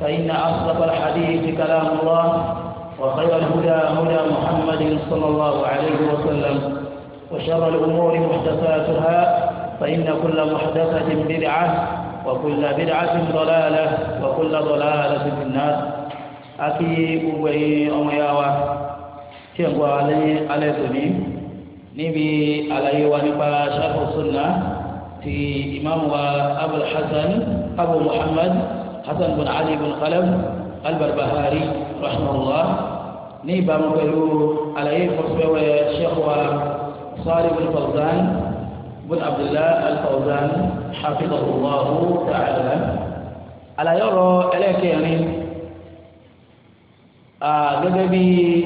فإن أصدق الحديث كلام الله وخير الهدى هدى محمد صلى الله عليه وسلم وشر الأمور محدثاتها فإن كل محدثة بدعة وكل بدعة ضلالة وكل ضلالة في النار أكي أبي أمياوة تيغوى علي علي تني نبي عليه ونبا شرح السنة في إمام أبو الحسن أبو محمد حسن بن علي بن قلم البربهاري رحمه الله نيبا مكيو علي فرسوة الشيخ صاري بن فوزان بن عبد الله الفوزان حفظه الله تعالى على يرى إليك يعني جدبي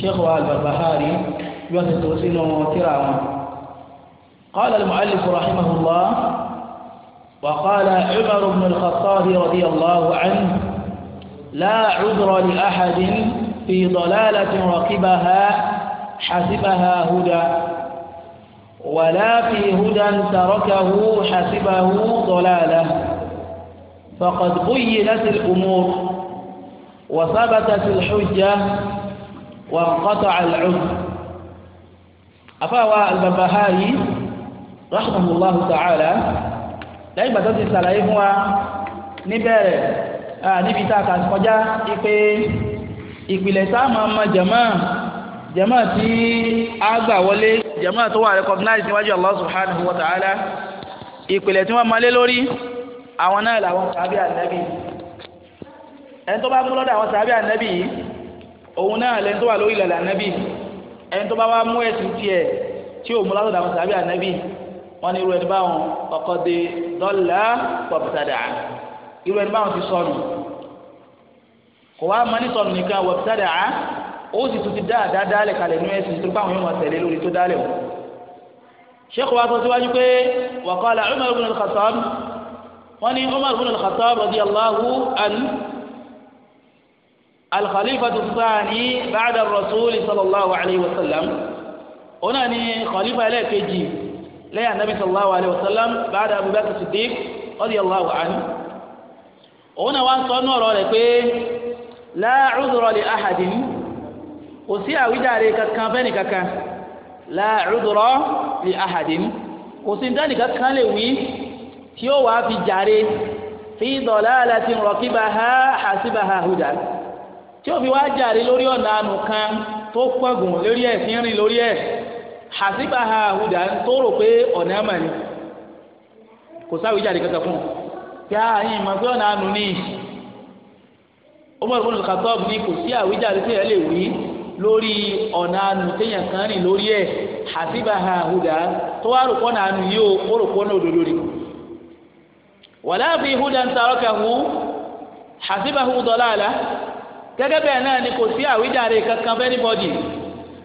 شيخ البربهاري يوسف توسينو تيرا قال المؤلف رحمه الله وقال عمر بن الخطاب رضي الله عنه لا عذر لأحد في ضلالة ركبها حسبها هدى ولا في هدى تركه حسبه ضلاله فقد بينت الأمور وثبتت الحجة وانقطع العذر أفاوى الببهاري رحمه الله تعالى lẹ́yìn ìgbà tó ti ṣàlàyé fún wa níbẹ̀rẹ̀ níbi tá a kà kọjá ipe ìpìlẹ̀ tá a máa mọ jàmá jàmá tí a gbà wọlé jàmá tó wà recognize níwájú Allah subhanahu wa ta'ala ìpìlẹ̀ tí wọ́n máa lé lórí àwọn náà làwọn sàbí ànábì ẹni tó bá mú lọ́dọ̀ àwọn sàbí ànábì yìí òun náà lẹ́ni tó wà lórí ìlànà ànábì ẹni tó bá wá mú ẹ̀sìn tiẹ̀ tí ò mú lọ́dọ̀ àwọn sàbí ànábì wọn ní irú ẹni báwọn ọkọ de dọ́là pọ̀pútàdà irú ẹni báwọn ti sọnù kò wá máa ní sọnù nìkan wọ̀pútàdà ó sì tún ti dá àdá dálẹ̀ kalẹ̀ ní ẹ̀sìn tó báwọn yóò máa tẹ̀lé lórí tó dálẹ̀ o sheikh wa sọ síwájú pé wàkọ́lá Umar ibn al-Khattab wọn ní Umar ibn al-Khattab radiyallahu anhu. الخليفة الثاني بعد الرسول صلى الله عليه وسلم هنا خليفة لا كجي lẹ́yìn anabi sallallahu alayhi wa sallam ba'da abubakar siddiq radiyallahu anhu òun náà wá ń sọ ní ọ̀rọ̀ rẹ̀ pé la udhra li ahadin kò sí àwíjàre kankan fẹ́ni kankan la udhra li ahadin kò sí dání kankan lè wí tí ó wàá fi jàre fi dalalatin raqibaha hasibaha hudan tí ó fi wá jàre lórí ọ̀nà ànú kan tó pọ̀gùn lórí ẹ̀ sí rìn lórí ẹ̀. hasiba ha ahuda tó rò pé ni kò sáwìjáde kankan fún un yá yín màá ọ̀nà àánú ní Umar ibn al ní kò sí àwíjàre tí ẹ lè wí lórí ọ̀nà àánú téèyàn kan rìn lórí ẹ̀ hasiba ha ahuda tó wá rò náà àánú yìí ó ó rò hasibahu dalala gẹ́gẹ́ bẹ́ẹ̀ náà ni kò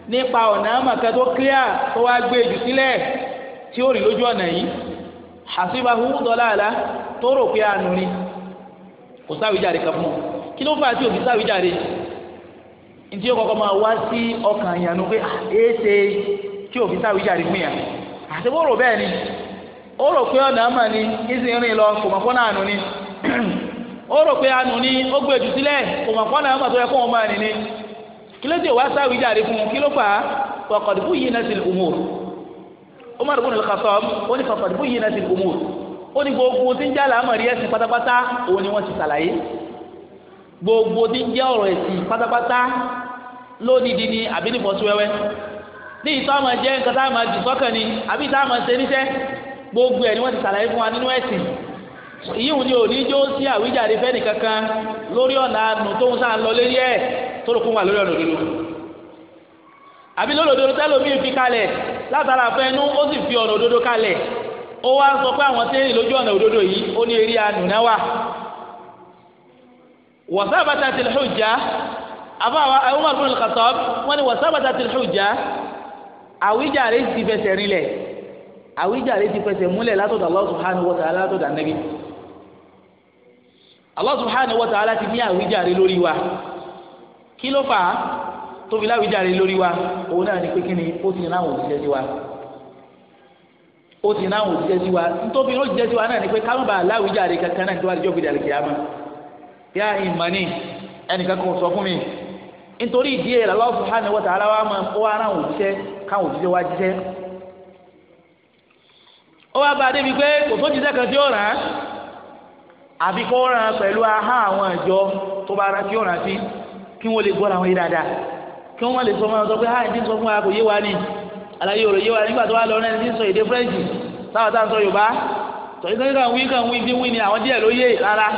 nípa ọ̀nà àmàkà tó clear tó wá gbé jù sílẹ̀ tí ó rí lójú ọ̀nà yìí hasibahu laala tó rò pé àánú ni kò sáwìjàre kan fún un kí ló fà á tí òbí sáwìjàre ntí yóò kọ́kọ́ máa wá sí ọkàn yẹn pé ah, èéṣe tí òbí sáwìjàre fún yàn àti bó rò ni ó rò pé ọ̀nà àmà ni kí sì ń ni ó rò pé àánú ni ó gbé jù ni. kí ló dé wá sáwìjàre fún un kí ló fà á fọkàdùkú yìí náà sì lùmùr Umar ibn al-Khattab ó ní fọkàdùkú yìí náà sì lùmùr ó ní gbogbo tí ń jẹ́ àlámọ̀rí ẹ̀sìn pátápátá òun ni wọ́n ti ṣàlàyé gbogbo tí ń jẹ́ ọ̀rọ̀ ẹ̀sìn pátápátá lódìdí ni àbí ní fọ́síwẹ́wẹ́ ní ìtọ́ àmọ́ jẹ́ nǹkan tá a máa àbí tá a máa gbogbo ẹ̀ ni wọ́n ti ṣàlàyé fún wa nínú ẹ̀sìn yíwùn ni òní jó sí àwíjàre fẹ́nì kankan lórí ọ̀nà àánú tóun ń lọ lérí ẹ̀ tórokún wà lórí ọ̀nà òdodo àbí lórí òdodo tẹ́lómìn fi kalẹ̀ látara fẹ́nu ó sì fi ọ̀nà òdodo kalẹ̀ ó wá sọ pé àwọn tẹ́lẹ̀ lójú ọ̀nà òdodo yìí ó ní eré ànúná wà wàsábàtà tìlẹ̀ hujja àbáwá Umar ibn al-Khattab wọ́n ní wàsábàtà tìlẹ̀ hujja àwíjàre ti fẹsẹ̀ rinlẹ̀ àwíjàre ti fẹsẹ̀ múlẹ̀ látọ̀dọ̀ Allah subhanahu wa ta'ala látọ̀dọ̀ Ànábì Allah subhanahu wa ta'ala ti ní àwíjàre lórí wa. kí ló fà á tóbi láwùjáre lórí wa òun náà ní pé kíni ó ti náà òun sí wa ó ti náà òun sí wa ntóbi ó jẹ́ sí wa náà ní pé káwọn bá láwùjáre kankan náà ma yá sọ fún mi nítorí ìdí ẹ̀ ó ara òun jẹ́ káwọn òun wa ó wá bá a débi pé kò tó jíṣẹ́ kan tí ó ràn án àbí àwọn ìjọ tó bá kí wọ́n lè gbọ́ra wọn yé dáadáa kí wọ́n má lè sọ fún wọn sọ pé háì ah, ní sọ fún wa kò yé wa ni àlàyé ọ̀rọ̀ yé wa nígbà tó wà lọ náà ní sọ èdè fúrẹ́ǹsì táwọn táwọn sọ yorùbá tọ́jú tó ń kàn wí kàn wí bí wí ni àwọn díẹ̀ ló yé rárá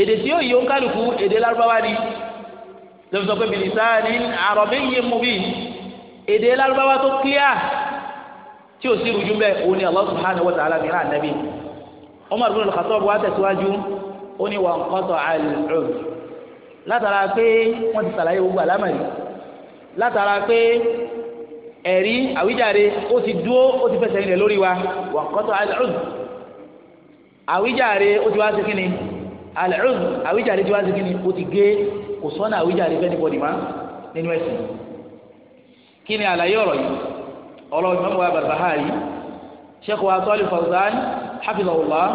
èdè tí yóò yí ó kálukú èdè lárúbáwá ni lọ́wọ́ sọ pé bilisani arabiyyin mubin èdè lárúbáwá tó kíá tí o sì rújú bẹ́ẹ̀ o ní Allah subhanahu wa ta'ala mìíràn nàbí Umar ibn al-Khattab wa tẹ̀síwájú ó ní wa nqata'a al látara pé wọ́n ti sàlàyé gbogbo àlámọ̀rí látara pé ẹ̀rí àwíjàre ó ti dúó ó ti fẹsẹ̀ ilẹ̀ lórí wa wà kọ́tọ̀ alẹ́rùn àwíjàre ó ti wá sí kínni alẹ́rùn àwíjàre ti wá sí kínni ó ti gé kò sọ́nà àwíjàre fẹ́ni bọ́dì má nínú ẹ̀sìn kí ni àlàyé ọ̀rọ̀ yìí ọ̀rọ̀ ìmọ̀mù wa Barbahari sheikh wa sọ́ọ́lì Fawzan hafizahullah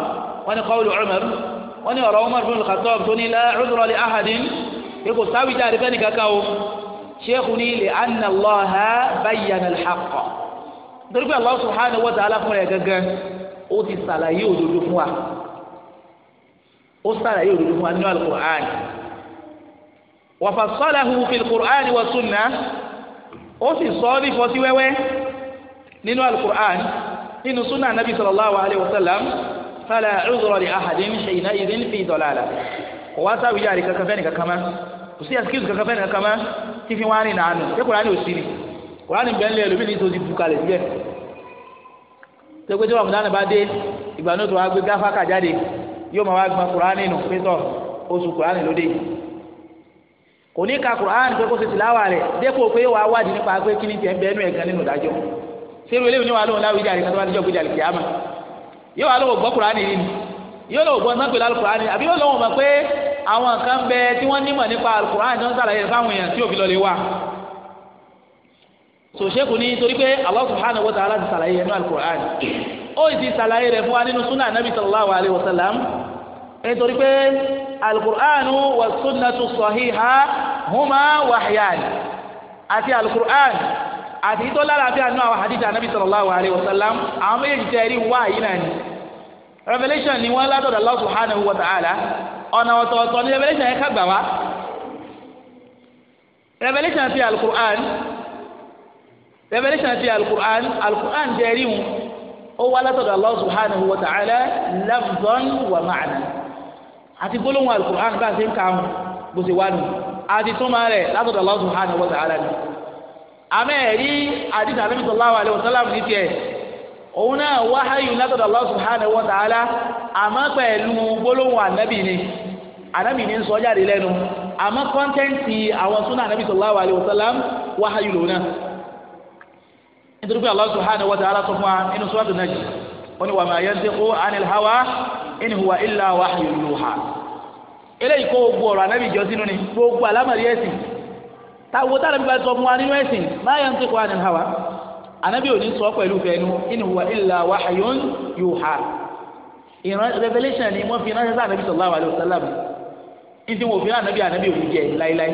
wọ́n ní qawlu Umar wọ́n ní ọ̀rọ̀ Umar bin Khattab tó ní la udra li ahadin pé kò sáwìjà rẹ̀ fẹ́ni kankan o sheikh ní li anna Allaha bayyana al-haqq nítorí pé Allah subhanahu wa ta'ala fún rẹ̀ gẹ́gẹ́ ó ti sàlàyé òdodo fún wa ó sàlàyé òdodo fún wa nínú al-Qur'an wa fassalahu fil Qur'an wa ó sì sọ ọ́ ní fọ́síwẹ́wẹ́ nínú al nínú sunnah nabi sallallahu alayhi wa sallam fala udhra li ahadin hina'idhin fi dalalah kò wá sáwìí yára kankan fẹ́ni kankan má kò sí àsìkíyèsí kankan fẹ́ni kankan má tí fi wá rìn nàánú ṣé kòránì ò sí ni kòránì bẹ́ẹ̀ lé ẹlòmíì ní tòsí bukalẹ̀ síbẹ̀ tó pé tí wọn múdánù bá dé ìgbà náà tó wá gbé gáfà kà jáde yóò máa wá gbọn kòránì nù pé tọ oṣù kòránì ló dé kò ní ka kòránì pé kó ṣe tìláwà rẹ̀ yóò wá lọ́wọ́ gbọ́ kuraani yìí ni yóò lọ́wọ́ gbọ́ sọ́kè lálẹ́ kuraani àbí yóò lọ́wọ́ mọ̀ pé àwọn kan bẹ tí wọ́n nímọ̀ nípa kuraani tó ń sàlàyé fáwọn èèyàn tí òfin lọ́lẹ̀ wà. sòṣèkù ni torí pé Allah subhanahu wa ta'ala ti sàlàyé nínú alukuraani ó ti sàlàyé rẹ̀ fún wa nínú sunnah anabi sallallahu alayhi wa sallam nítorí pé alukuraani wa sunnatu sahiha huma wahyan àti alukuraani àti tó lára àti àánú àwọn hadith anabi sallallahu alayhi wa sallam àwọn méjèèjì tẹ́ẹ̀rí wáyé náà ni revelation ni wọ́n látọ̀dọ̀ Allah subhanahu wa ta'ala ọ̀nà ọ̀tọ̀ọ̀tọ̀ ni revelation yẹn kàgbà wá revelation ti alukur'an revelation ti alukur'an alukur'an dẹ́rìn ó wá látọ̀dọ̀ Allah subhanahu wa ta'ala lafzan wa ma'na àti gbólóhùn alukur'an bá a ṣe ń kà ń bó ṣe wá nù àti túmọ̀ rẹ̀ látọ̀dọ̀ Allah subhanahu wa ta'ala ni àmẹ́ ẹ̀rí àdìsí àlẹ́ mi sallallahu alaihi wa sallam ní òun náà wáháyù látọ̀dọ̀ Allah subhanahu wa ta'ala àmọ́ pẹ̀lú gbólóhùn ànábì ni ànábì ni ń sọ jáde lẹ́nu àmọ́ kọ́ńtẹ́ǹtì àwọn súnà ànábì sallallahu alaihi wasallam wáháyù lòun náà nítorí pé Allah subhanahu wa ta'ala sọ fún wa nínú sọ́ọ̀tù náà jì wọ́n ní wa ma yantiqu anil hawa in huwa illa wahyun yuha eléyìí kó gbogbo ọ̀rọ̀ ànábì jọ sínú ni gbogbo alámọ̀rí ẹ̀sìn táwọn táwọn anabi ò ní sọ pẹ̀lú fẹ́nu in huwa illa wahyun yuha ìran revelation ni wọ́n fi ránṣẹ́ sí anabi sallallahu alayhi wa sallam ìdí wọn fi rán anabi anabi òun jẹ láíláí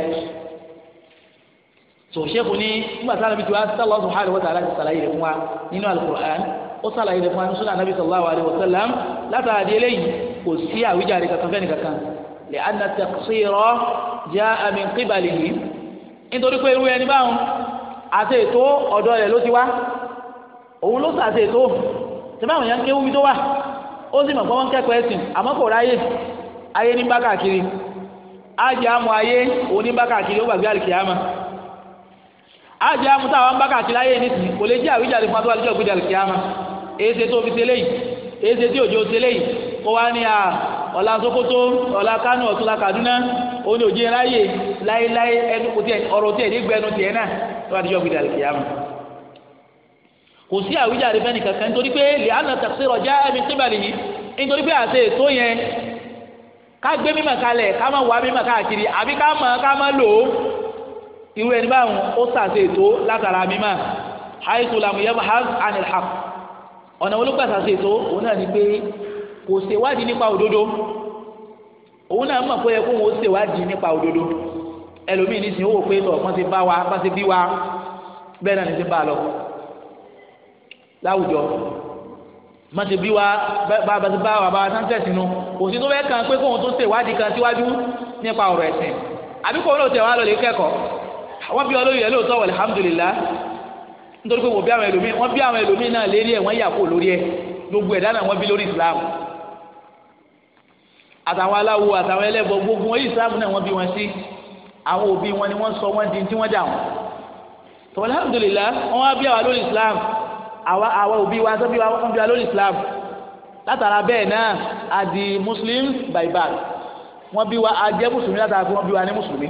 so ṣéèkù ní nígbà tí anabi ti wá sálọ subhanahu wa ta'ala ti sàlàyé rẹ̀ fún wa nínú alukur'an ó sàlàyé rẹ̀ fún wa nínú anabi sallallahu alayhi wa sallam látara di eléyìí kò sí àwíjàre kankan fẹ́ni kankan lè anna taqsira ja'a nítorí pé irú ẹni báwọn àti ètò ọ̀dọ̀ rẹ̀ ló ti wá òun ló sàti ètò tẹ́fàwọn èèyàn kéwú bí tó wà ó sì mọ̀ pé wọ́n kẹ́kọ̀ọ́ ẹ̀sìn àmọ́ kò ráyè ayé ní bá ájì àmú ayé òun ní bá ó gbàgbé ájì àmú táwọn kò lè jẹ́ àwíjàre fún ọ̀gbìn tó fi Sokoto ọ̀la Kano ọ̀túnla Kaduna òun ni òjì ẹnu kò tiẹ̀ ọ̀rọ̀ tiẹ̀ tó bá dijọ́ gbé dàlẹ́ kìyàmù kò sí àwíjàre fẹ́ni kankan nítorí pé lẹ́hànà tàkìsírọ̀ já ẹ̀mí tíbalì yìí nítorí pé àti ètò yẹn ká gbé mímọ̀ kalẹ̀ ká má wá mímọ̀ káàkiri àbí ká mọ̀ ká má lò ó irú ẹni báwọn ó sàṣe ètò látara mímọ̀ haitu lamuyẹ mahaz anil haq ọ̀nà olùgbà sàṣe ètò òun náà ni pé kò ṣèwádìí nípa òdodo òun náà mọ̀ pé ẹ kó wọn ó ṣèwádìí nípa òdodo ẹlòmíì nísìnyí ó wò pé tọ̀ wọ́n ti bá wa wọ́n ti bí wa bẹ́ẹ̀ náà ní ti bá a lọ láwùjọ má ti bí wa bá a ti bá wa bá a sáńtẹ̀ sínú kò sí tó fẹ́ kàn pé kóun tó ṣe ìwádìí kan síwájú nípa ọ̀rọ̀ ẹ̀sìn àbí kóun náà tẹ̀ wá lọ lè kẹ́kọ̀ọ́ àwọn bí olóyè lóòótọ́ wà alhamdulillah nítorí pé wọ́n bí àwọn ẹlòmíì wọ́n bí àwọn ẹlòmíì náà lérí ẹ̀ wọ́n yà kó lórí ẹ̀ gbogbo ẹ̀dá náà wọ́n bí lórí Islam àtàwọn aláwo àtàwọn ẹlẹ́bọ gbogbo Islam náà wọ́n bí wọn sí àwọn òbí wọn ni wọ́n sọ wọ́n di tí wọ́n dà wọ́n tó alhamdulillah wọ́n wá bí àwa lórí islam àwa àwa òbí wa tó bí wa wọ́n bí wa lórí islam látara bẹ́ẹ̀ náà a di muslim by birth wọ́n bí wa a jẹ́ mùsùlùmí látara pé wọ́n bí wa ní mùsùlùmí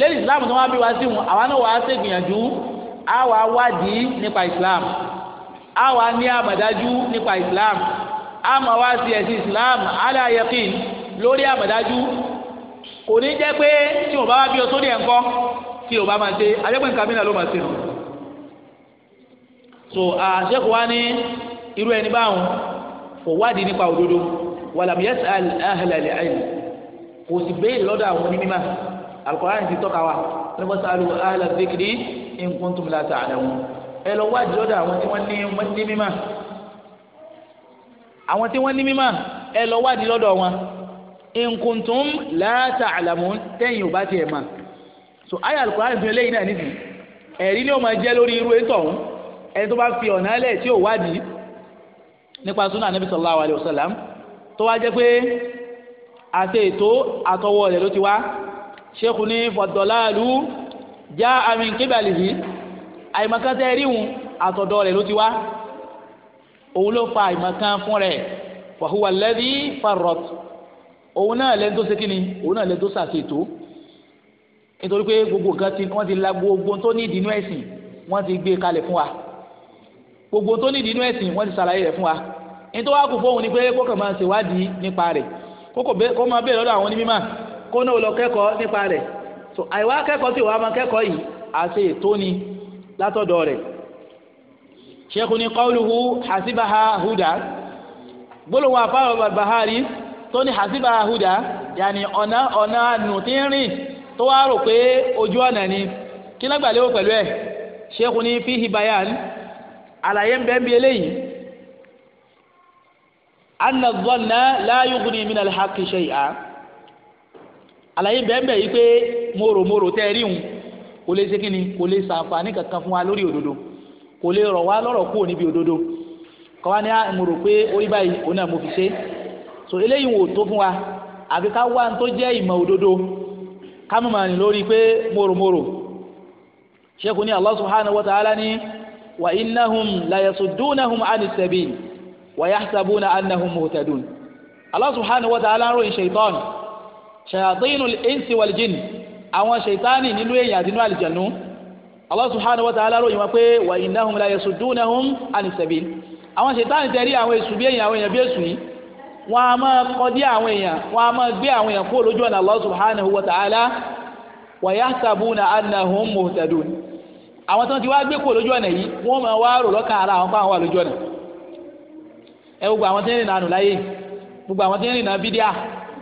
lẹ́yìn islam tó wọ́n bí wa sí wọn àwa náà wàá ṣègbìyànjú àwa wádìí nípa islam àwa ní àmọ̀dájú nípa islam àmọ̀ wá sí ẹ̀sìn islam ala yaqin lórí àmọ̀dájú kò ní jẹ́ pé tí òun bá wá bí o sódì ẹ̀ tí òun máa ṣe àjẹpẹ́ nǹkan mìíràn ló máa ṣe nù. so àṣekù wa ní irú ẹni báwọn kò wádìí nípa òdodo wàlàmù yẹsẹ àhẹlẹlẹ àìlè kò sì béèrè lọ́dọ̀ àwọn onímọ̀ alukóran ti tọ́ka wa lọ́wọ́ sáré àhẹlẹ zikiri nkuntum la ta'lamun ẹ lọ wádìí lọ́dọ̀ àwọn tí wọ́n ní wọ́n àwọn tí wọ́n ní mímọ̀ ẹ lọ wádìí lọ́dọ̀ wọn nkuntum láta àlàmú tẹ́yìn ò bá tiẹ̀ mà so ayé alukóra fi léyìn náà nídìí ẹ̀rí ni ó máa jẹ́ lórí irú ètò ọ̀hún ẹni tó bá fi ọ̀nà ẹlẹ́ tí ò wádìí nípa sunnah nabi sallallahu alayhi wa sallam tó wá jẹ́ pé àti ètò àtọwọ́ rẹ̀ ló ti wá sheikh ní fọdọ̀láàlú já amin kébàlì yìí àyèmọ̀kan tẹ́ ríhun àtọ̀dọ̀ rẹ̀ ló ti wá òun ló fa àyèmọ̀kan fún rẹ̀ fahuwa alladhi farrat òun náà lẹ́nu tó ṣe kí ni òun náà lẹ́nu tó ṣàṣètò nítorí pé gbogbo nǹkan tí wọ́n ti la gbogbo tó ní ìdínú ẹ̀sìn wọ́n ti gbé kalẹ̀ fún wa gbogbo tó ní ìdínú ẹ̀sìn wọ́n ti ṣàlàyé rẹ̀ fún wa nítorí wàá kú fóun ni pé kókò máa ṣèwádìí nípa rẹ̀ kó máa bèèrè lọ́dọ̀ àwọn onímọ̀ kó náà lọ kẹ́kọ̀ọ́ nípa rẹ̀ so àìwá kẹ́kọ̀ọ́ tí wàá máa kẹ́kọ̀ọ́ yìí àti ètò ni látọ̀dọ̀ rẹ̀ ṣẹ́kùn ni qawluhu hasibaha huda gbólóhùn àfáà Bahari tó ní hasiba huda yàní ọ̀nà ọ̀nà nù tí ń rìn tó wá rò pé ojú ọ̀nà ni kí lọ́gbà léwó pẹ̀lú ẹ̀ ṣékun ní fihi bayan àlàyé ń bẹ́ẹ̀ bí eléyìí anna dhanna la yughni min al-haqqi àlàyé bẹ́ẹ̀ bẹ́ẹ̀ yìí pé mòròmòrò tẹ́ rí òun kò lè ṣe kínni kò lè ṣàǹfààní kankan fún wa lórí òdodo kò lè rọ̀ wá lọ́rọ̀ kúrò níbi òdodo kọ́wá ní àmúrò ah, pé orí báyìí òun náà mo fi ṣe so eléyìí wò tó fún wa àfi ká wá tó jẹ́ ìmọ̀ òdodo ká mọ̀ màní lórí pé mòròmòrò ṣẹ́kù ní Allah subhanahu wa ta'ala ní wa innahum la yasuddunahum ani sabil wa yahsabuna annahum muhtadun Allah subhanahu wa ta'ala ròyìn shaitan shayatinul insi wal jin àwọn shaitani nínú èèyàn àti nínú àlìjẹ̀nu Allah subhanahu wa ta'ala ròyìn pé wa innahum la yasuddunahum ani àwọn shaitani tẹ̀rí àwọn èsù bí èèyàn àwọn èèyàn bí èsù yìí wọn a máa kọdí àwọn èèyàn wọn a máa gbé àwọn èèyàn kó lójú ọ̀nà Allah subhanahu wa ta'ala wa yahsabuna annahum muhtadun àwọn tí wọ́n ti wá gbé kó lójú ọ̀nà yìí wọ́n máa wá rò lọ́kàn ara àwọn fáwọn wà lójú ọ̀nà ẹ gbogbo àwọn tí ń rìn nànú láyé gbogbo àwọn tí ń rìn nà bídíà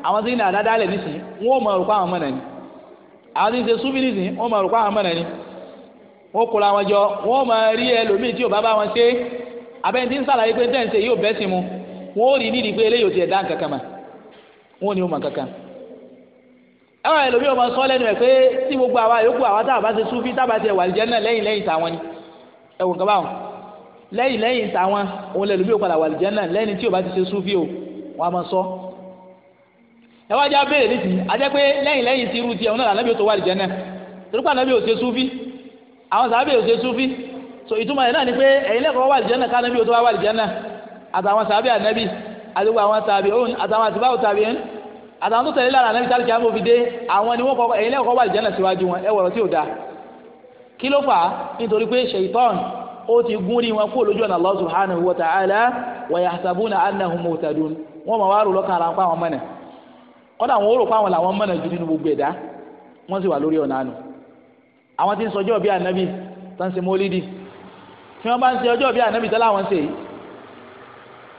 àwọn tí ń rìn nísìnyí wọ́n máa àwọn àwọn tí ń ṣe súnmí wọn ò rí nídìí pé eléyìí ò tiẹ̀ dá nǹkan kan mà wọn ò ní ọmọ kankan ẹwà ẹlòmíì ọmọ sọ lẹ́nu ẹ̀ pé tí gbogbo àwa yòókù àwa tá a bá ti súnfí tá a bá wà lìjẹ́ náà lẹ́yìn lẹ́yìn tàwọn ni ẹ̀wọ̀n kan báwọn lẹ́yìn lẹ́yìn tàwọn òun lẹ́lòmíì ò padà wà lìjẹ́ náà lẹ́ni tí ò bá ti ṣe súnfí o wọn a máa sọ ẹ wá já béèrè nísìnyí ajẹ́ pé lẹ́yìn lẹ́yìn ti irú tiẹ̀ òun náà lànàbí tó wà lìjẹ́ náà so ìtumọ̀ yẹn náà ni pé ẹ̀yin lẹ́kọ̀ọ́ wà lìjẹ́ náà àtàwọn sàbí ànábì àdúgbò àwọn tàbí òun àtàwọn àtìbáwò tàbí ẹn àtàwọn tó tẹ̀lé lára ànábì tàbí kìá mọ̀fi dé àwọn ni wọ́n kọ́ ẹ̀yin lẹ́kọ̀ọ́ wà jẹ́nà síwájú wọn ẹ wọ̀rọ̀ tí ò da kí ló fà á nítorí pé ṣèyítọ́n ó ti gún rí wọn kó lójú ọ̀nà Allah subhanahu wa ta'ala wa yahsabuna annahum muhtadun wọ́n mọ̀ wá rò lọ́kàn ara pa wọn mọ̀nà kọ́dà wọn ó rò wọ́n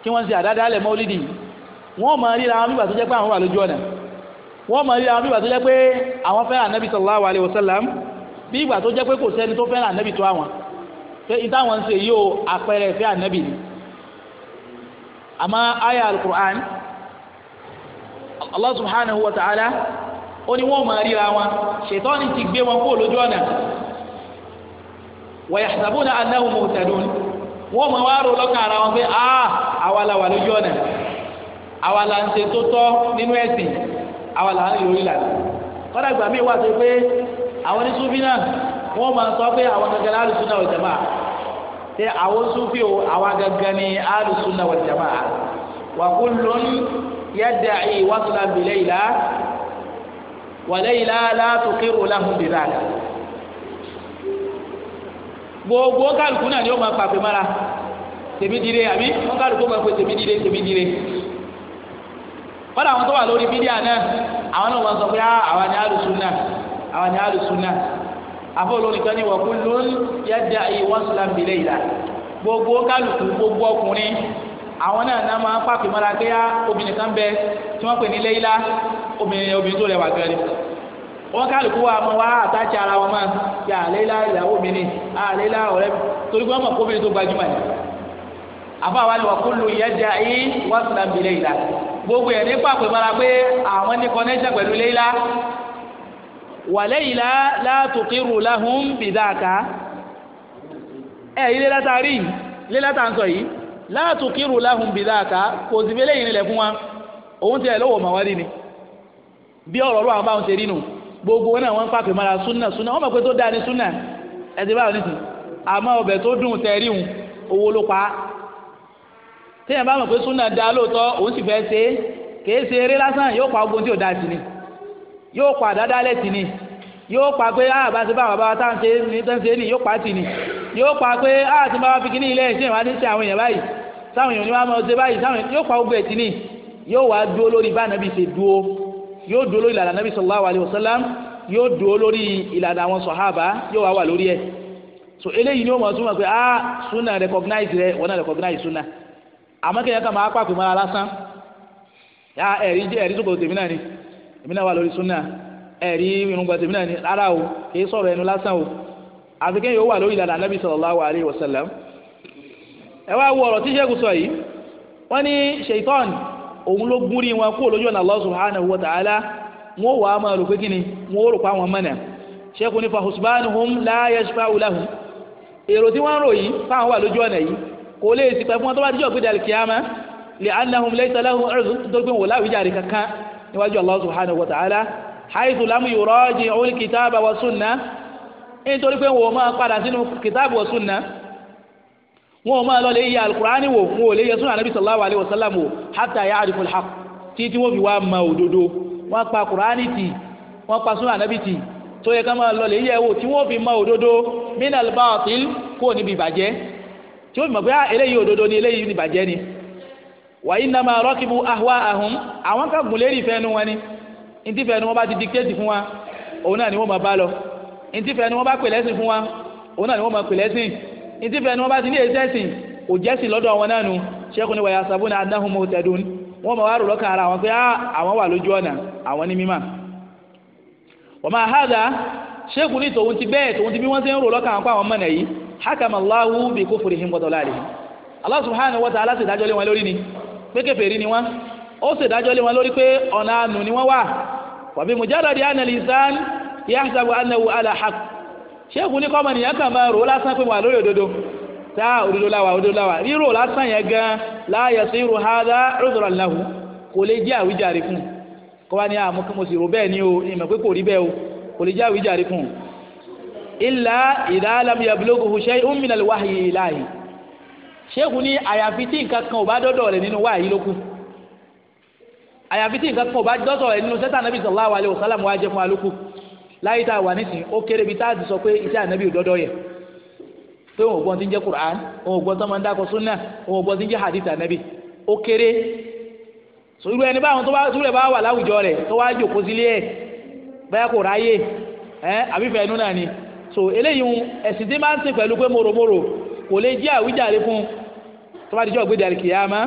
kí wọ́n ṣe àdádálẹ̀ mọ́lídì wọ́n máa ríra wọn nígbà tó jẹ́ pé àwọn wà lójú ọ̀nà wọ́n máa ríra wọn nígbà tó jẹ́ pé àwọn fẹ́ràn anábì sallallahu alaihi wasallam bí ìgbà tó jẹ́ pé kò sẹ́ni tó fẹ́ràn anábì tó àwọn pé ìta wọn ṣe yóò àpẹẹrẹ ìfẹ́ anábì ni àmọ́ àyà al Allah subhanahu wa ta'ala ó ní wọ́n máa ríra wọn ṣètọ́ni ti gbé wọn kó lójú ọ̀nà wa yahsabuna annahum muhtadun wọ́n máa wá rò lọ́kàn ara wọn pé ah, àwa la wà lójú ọ̀nà àwa la ń ṣe tó tọ́ nínú ẹ̀sìn àwa la ń lórí lànà kọ́dà gbà mí wà tó pé àwọn oníṣúfì náà wọ́n máa sọ pé àwọn gangan ní alùsùn náà wal jamaa àwọn súfì o àwa gangan ní alùsùn náà wal jamaa wa kullun yadda'i waslan bi Layla wa Layla la tuqiru lahu bi dhalik gbogbo kálukú náà ni ó máa pàpè mára tèmi dire àbí wọn kálukú máa pe tèmi dire tèmi dire kọ́dà àwọn tó wà lórí bídíà náà àwọn náà wọ́n sọ pé ah, àwọn ni alùsùnà àwọn ni alùsùnà àfọlọ́ nìkan ni wọ́n kú lóun yẹ́dá iye wọ́n sùn láǹbì lẹ́yìn la gbogbo kálukú gbogbo ọkùnrin àwọn náà náà máa ń pàpè mọ́ra pé ah, obìnrin kan bẹ tí wọ́n pè ní lẹ́yìn la obìnrin obìnrin tó rẹwà gan ni wọn kálukú wa mọ wá àtàkì ara wọn máa yà lẹ́yìn la ìyàwó mi ni àlẹ́yìn ah, la ọ̀rẹ́ torí pé wọ́n mọ̀ àfa wa lè wà kó lu ìyẹn jẹ ayé wọ́n ti nàbí Layla gbogbo ẹ̀ nípa pè mọ́ra pé àwọn ní connection pẹ̀lú Layla wa Layla la tuqiru lahum bidhaka ẹ̀ ilé látàrí ilé látàǹsọ̀ yìí la tuqiru lahum kò sì fẹ́lẹ́ yìí nílẹ̀ fún wa òun ti ẹ̀ lọ́wọ́ màwárí ni bí ọ̀rọ̀ ọ̀rọ̀ àwọn báwọn ṣe rí nù gbogbo wọn náà wọ́n pàpè mọ́ra súnà súnà wọ́n mọ̀ pé tó dáa ní súnà ẹ̀ ti báwọn nìsín àmọ́ ọbẹ̀ tó dùn tẹ́rí òun owó ló pa á téèyàn bá mọ̀ pé súnà da lóòótọ́ òun sì fẹ́ ṣe é kèé ṣe eré lásán yóò pa ogun tí ò da sí ni yóò pa àdáda lẹ̀ ni yóò pa pé a bá ṣe bá bàbá wa táwọn ṣe ní tán ni yóò pa sí ni yóò pa pé ah, a ti bá wa fi ilé ẹ̀ṣẹ̀ wa ní ṣe àwọn èèyàn báyìí sáwọn èèyàn ní wa máa ṣe báyìí sáwọn yóò pa ogun ẹ̀ ni yóò wá dúró lórí bá ṣe dúró yóò dúró lórí ìlànà nàbì sallallahu alaihi wasallam yóò dúró lórí ìlànà àwọn sọ̀hábà yóò wá wà lórí ẹ̀ so eléyìí ni ó mọ̀ súnmọ̀ pé a ah, súnà recognize rẹ wọn náà recognize súnà àmọ́ kí ẹ̀ka máa pàpè mọ́ra lásán yá ẹ̀rí jẹ́ ẹ̀rí sókòtò tèmi náà ni èmi náà wà lórí súnà ẹ̀rí irungba tèmi náà ni rárá o kì í sọ̀rọ̀ ẹnu lásán o àti kéèyàn ó wà lórí ìlànà anábì sallallahu alaihi wasallam ẹ wá wo ọ̀rọ̀ tí sẹ́kù sọ yìí wọ́n ní ṣèitán òun ló gúnrí wọn kúrò lójú ọ̀nà Allah subhanahu wa ta'ala wọn ò wà á máa rò pé kíni wọn ò rò pa wọn mọ́nà ṣẹ́kù ní fa husbanuhum la yashfa'u lahum èrò tí wọ́n ń rò yìí fáwọn wà lójú ọ̀nà yìí kò lè sì pẹ́ fún wọn tó bá díjọ́ gbé dàlí kìámà lè anahum laysa lahum ẹ̀rùn tó gbé wọn láwùjá rẹ̀ kankan níwájú Allah subhanahu wa ta'ala haythu lam yuraji'ul kitaba wa sunna nítorí pé wọn ò máa padà sínú kìtàbà wa sunna wọn ò máa lọ lè yẹ alukur'ani wò wọn ò lè yẹ sunna anabi sallallahu alayhi wa sallam wò hatta ya'rifu al-haqq títí wọn fi wá ma òdodo wọn pa alukur'ani tì wọn pa sunna anabi tì tó yẹ ká máa lọ lè yẹ wò tí wọn fi ma òdodo min al-batil kó níbi ìbàjẹ́ tí ó mọ̀ pé ah, eléyìí òdodo ni eléyìí ìbàjẹ́ ni wa innama rakibu ahwaahum àwọn kan gùn lérí ìfẹ́nu wọn ni ntí fẹ́nu wọn bá ti dictate fún wa òun náà ni wọ́n máa bá lọ ntí fẹ́nu wọn bá pè lẹ́sìn fún wa òun náà ni wọ́n máa pè lẹ́sìn ntí fẹ́nu wọn bá ti ní èyí sẹ́sìn kò jẹ́sìn lọ́dọ̀ wọn náà nu sẹ́kùn ni wa yasabuna annahum muhtadun wọ́n máa wá rò lọ́kàn ara wọn pé ah, àwọn wà lójú ọ̀nà àwọn ní mímà wọ́n máa háàdà sẹ́kùn ní tòun ti bẹ́ẹ̀ tòun ti bí wọ́n ti ń rò lọ́kàn àwọn pa àwọn mọ̀nà yìí hakama Allahu bi kufrihim wa dalalihim Allah subhanahu wa ta'ala sì dájọ́ lé wọn lórí ni pé kèfèrí ni wọ́n ó sì dájọ́ lé wọn lórí pé ọ̀nà àánú ni wọ́n wà wa bi mujarradi anna al-insan yahsabu annahu ala haqq ṣéèkù ní kọ́mọ nìyẹn kàn máa rò ó lásán pé wà lórí òdodo tá òdodo láwà òdodo láwà rírò lásán yẹn gan la yasiru hadha udhran lahu kò lè jẹ́ àwíjàre fún kọ́wá ní àmọ́ rò bẹ́ẹ̀ ni o ìmọ̀ pé kò rí bẹ́ẹ̀ o kò lè jẹ́ àwíjàre fún ilà ìdáàlámù yabulogun ṣe ìhùnmínà wáyé láàyè ṣéèkù ní àyàfi tí nǹkan kan ò bá dọ́dọ̀ rẹ̀ nínú wáyé lókù àyàfi tí nǹkan kan ò bá dọ́dọ̀ rẹ̀ nínú sẹ́tà nàbì sallallahu alaihi wasallam wá jẹ́ fún wa lókù láyé tá a wà nísìn ó kéré bí tá a ti sọ pé iṣẹ́ ànábì ò dọ́dọ̀ yẹ pé òun ò gbọ́n ti ń jẹ́ Qur'an òun ò gbọ́n tó máa ń dákọ súnà òun ò ti ń jẹ́ hadith ànábì ó kéré irú ẹni báwọn tó bá túlẹ̀ bá wà láwùjọ rẹ̀ tó wá jòkó sílé ẹ̀ báyà kò ráyè ẹ́ àbífẹ́ ẹnu náà ni so eléyìí ẹ̀sìn tí máa ń sìn pẹ̀lú pé mòròmòrò kò lè jẹ́ àwíjàre fún tó bá di jọ́ ògbé dàrí kìyàmá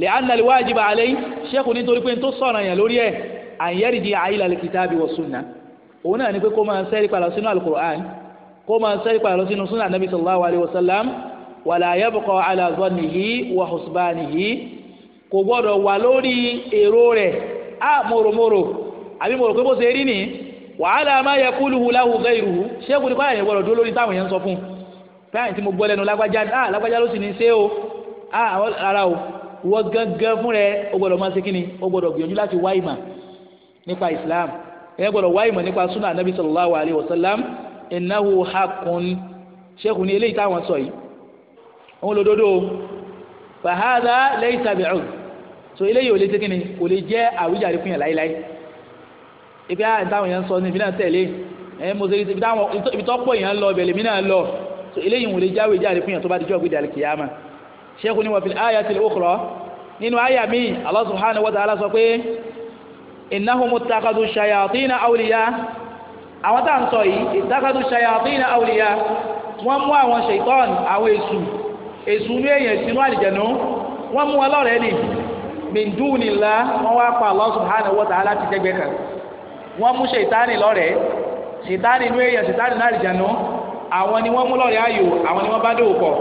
lè ánàlè wájibà alẹ́ ṣẹ́kù nítorí pé tó sọ̀rọ̀ yẹn lórí ẹ̀ àyẹ́rì di àyílà lè kìtàbí wa sunna òun náà ni pé kó máa sẹ́rí padà sínú alukur'an kó máa sẹ́rí padà lọ sínú sunna anabi sallallahu alayhi wa sallam wàlà ayébùkọ wàhálà máa yẹ kúlù hu láwù gẹ́ ìrù ṣéèkù ní báyìí wọ̀rọ̀ dúró lórí táwọn yẹn ń sọ fún un báyìí tí mo gbọ́ lẹ́nu lágbájá ah lágbájá ló sì ní ṣé o ah ara o wọ́n gángan fún rẹ o gbọ́dọ̀ máa ṣe kí ni o gbọ́dọ̀ gbìyànjú láti wá ìmọ̀ nípa Islam ẹ gbọ́dọ̀ wá ìmọ̀ nípa sunna anabi sallallahu alayhi wa sallam innahu haqqun ṣéèkù ní eléyìí táwọn sọ yìí òun lò dodo ibi àyà táwọn èèyàn sọ ní ibi náà tẹ̀lé ẹ̀ mo ṣe ibi táwọn ibi tó pọ̀ èèyàn lọ ibẹ̀ lèmi náà lọ eléyìí wò lè jáwé jáde fún yàn tó bá di jọ́ọ̀gbé dàlẹ́ kìyàmà ṣẹ́kù ni wọ́n fi àyà tilẹ̀ òkùrọ̀ nínú àyà mi Allah subhanahu wa ta'ala sọ pé innahum ittakadu shayatina awliya àwọn tá à ń sọ yìí ittakadu shayatina awliya wọ́n mú àwọn ṣèitán àwọn èṣù èṣù ní èèyàn sínú àlìjẹ̀nú wọ́n mú wọn lọ́rẹ̀ẹ́ nì min wá pa Allah subhanahu wa ta'ala ti dẹ́gbẹ́ kan wọ́n mú ṣètánì lọ́rẹ̀ẹ́ ṣètánì inú èèyàn ṣètánì náà àlìjànú àwọn ni wọ́n mú lọ́rẹ̀ẹ́ ayò àwọn ni wọ́n bá dòwò pọ̀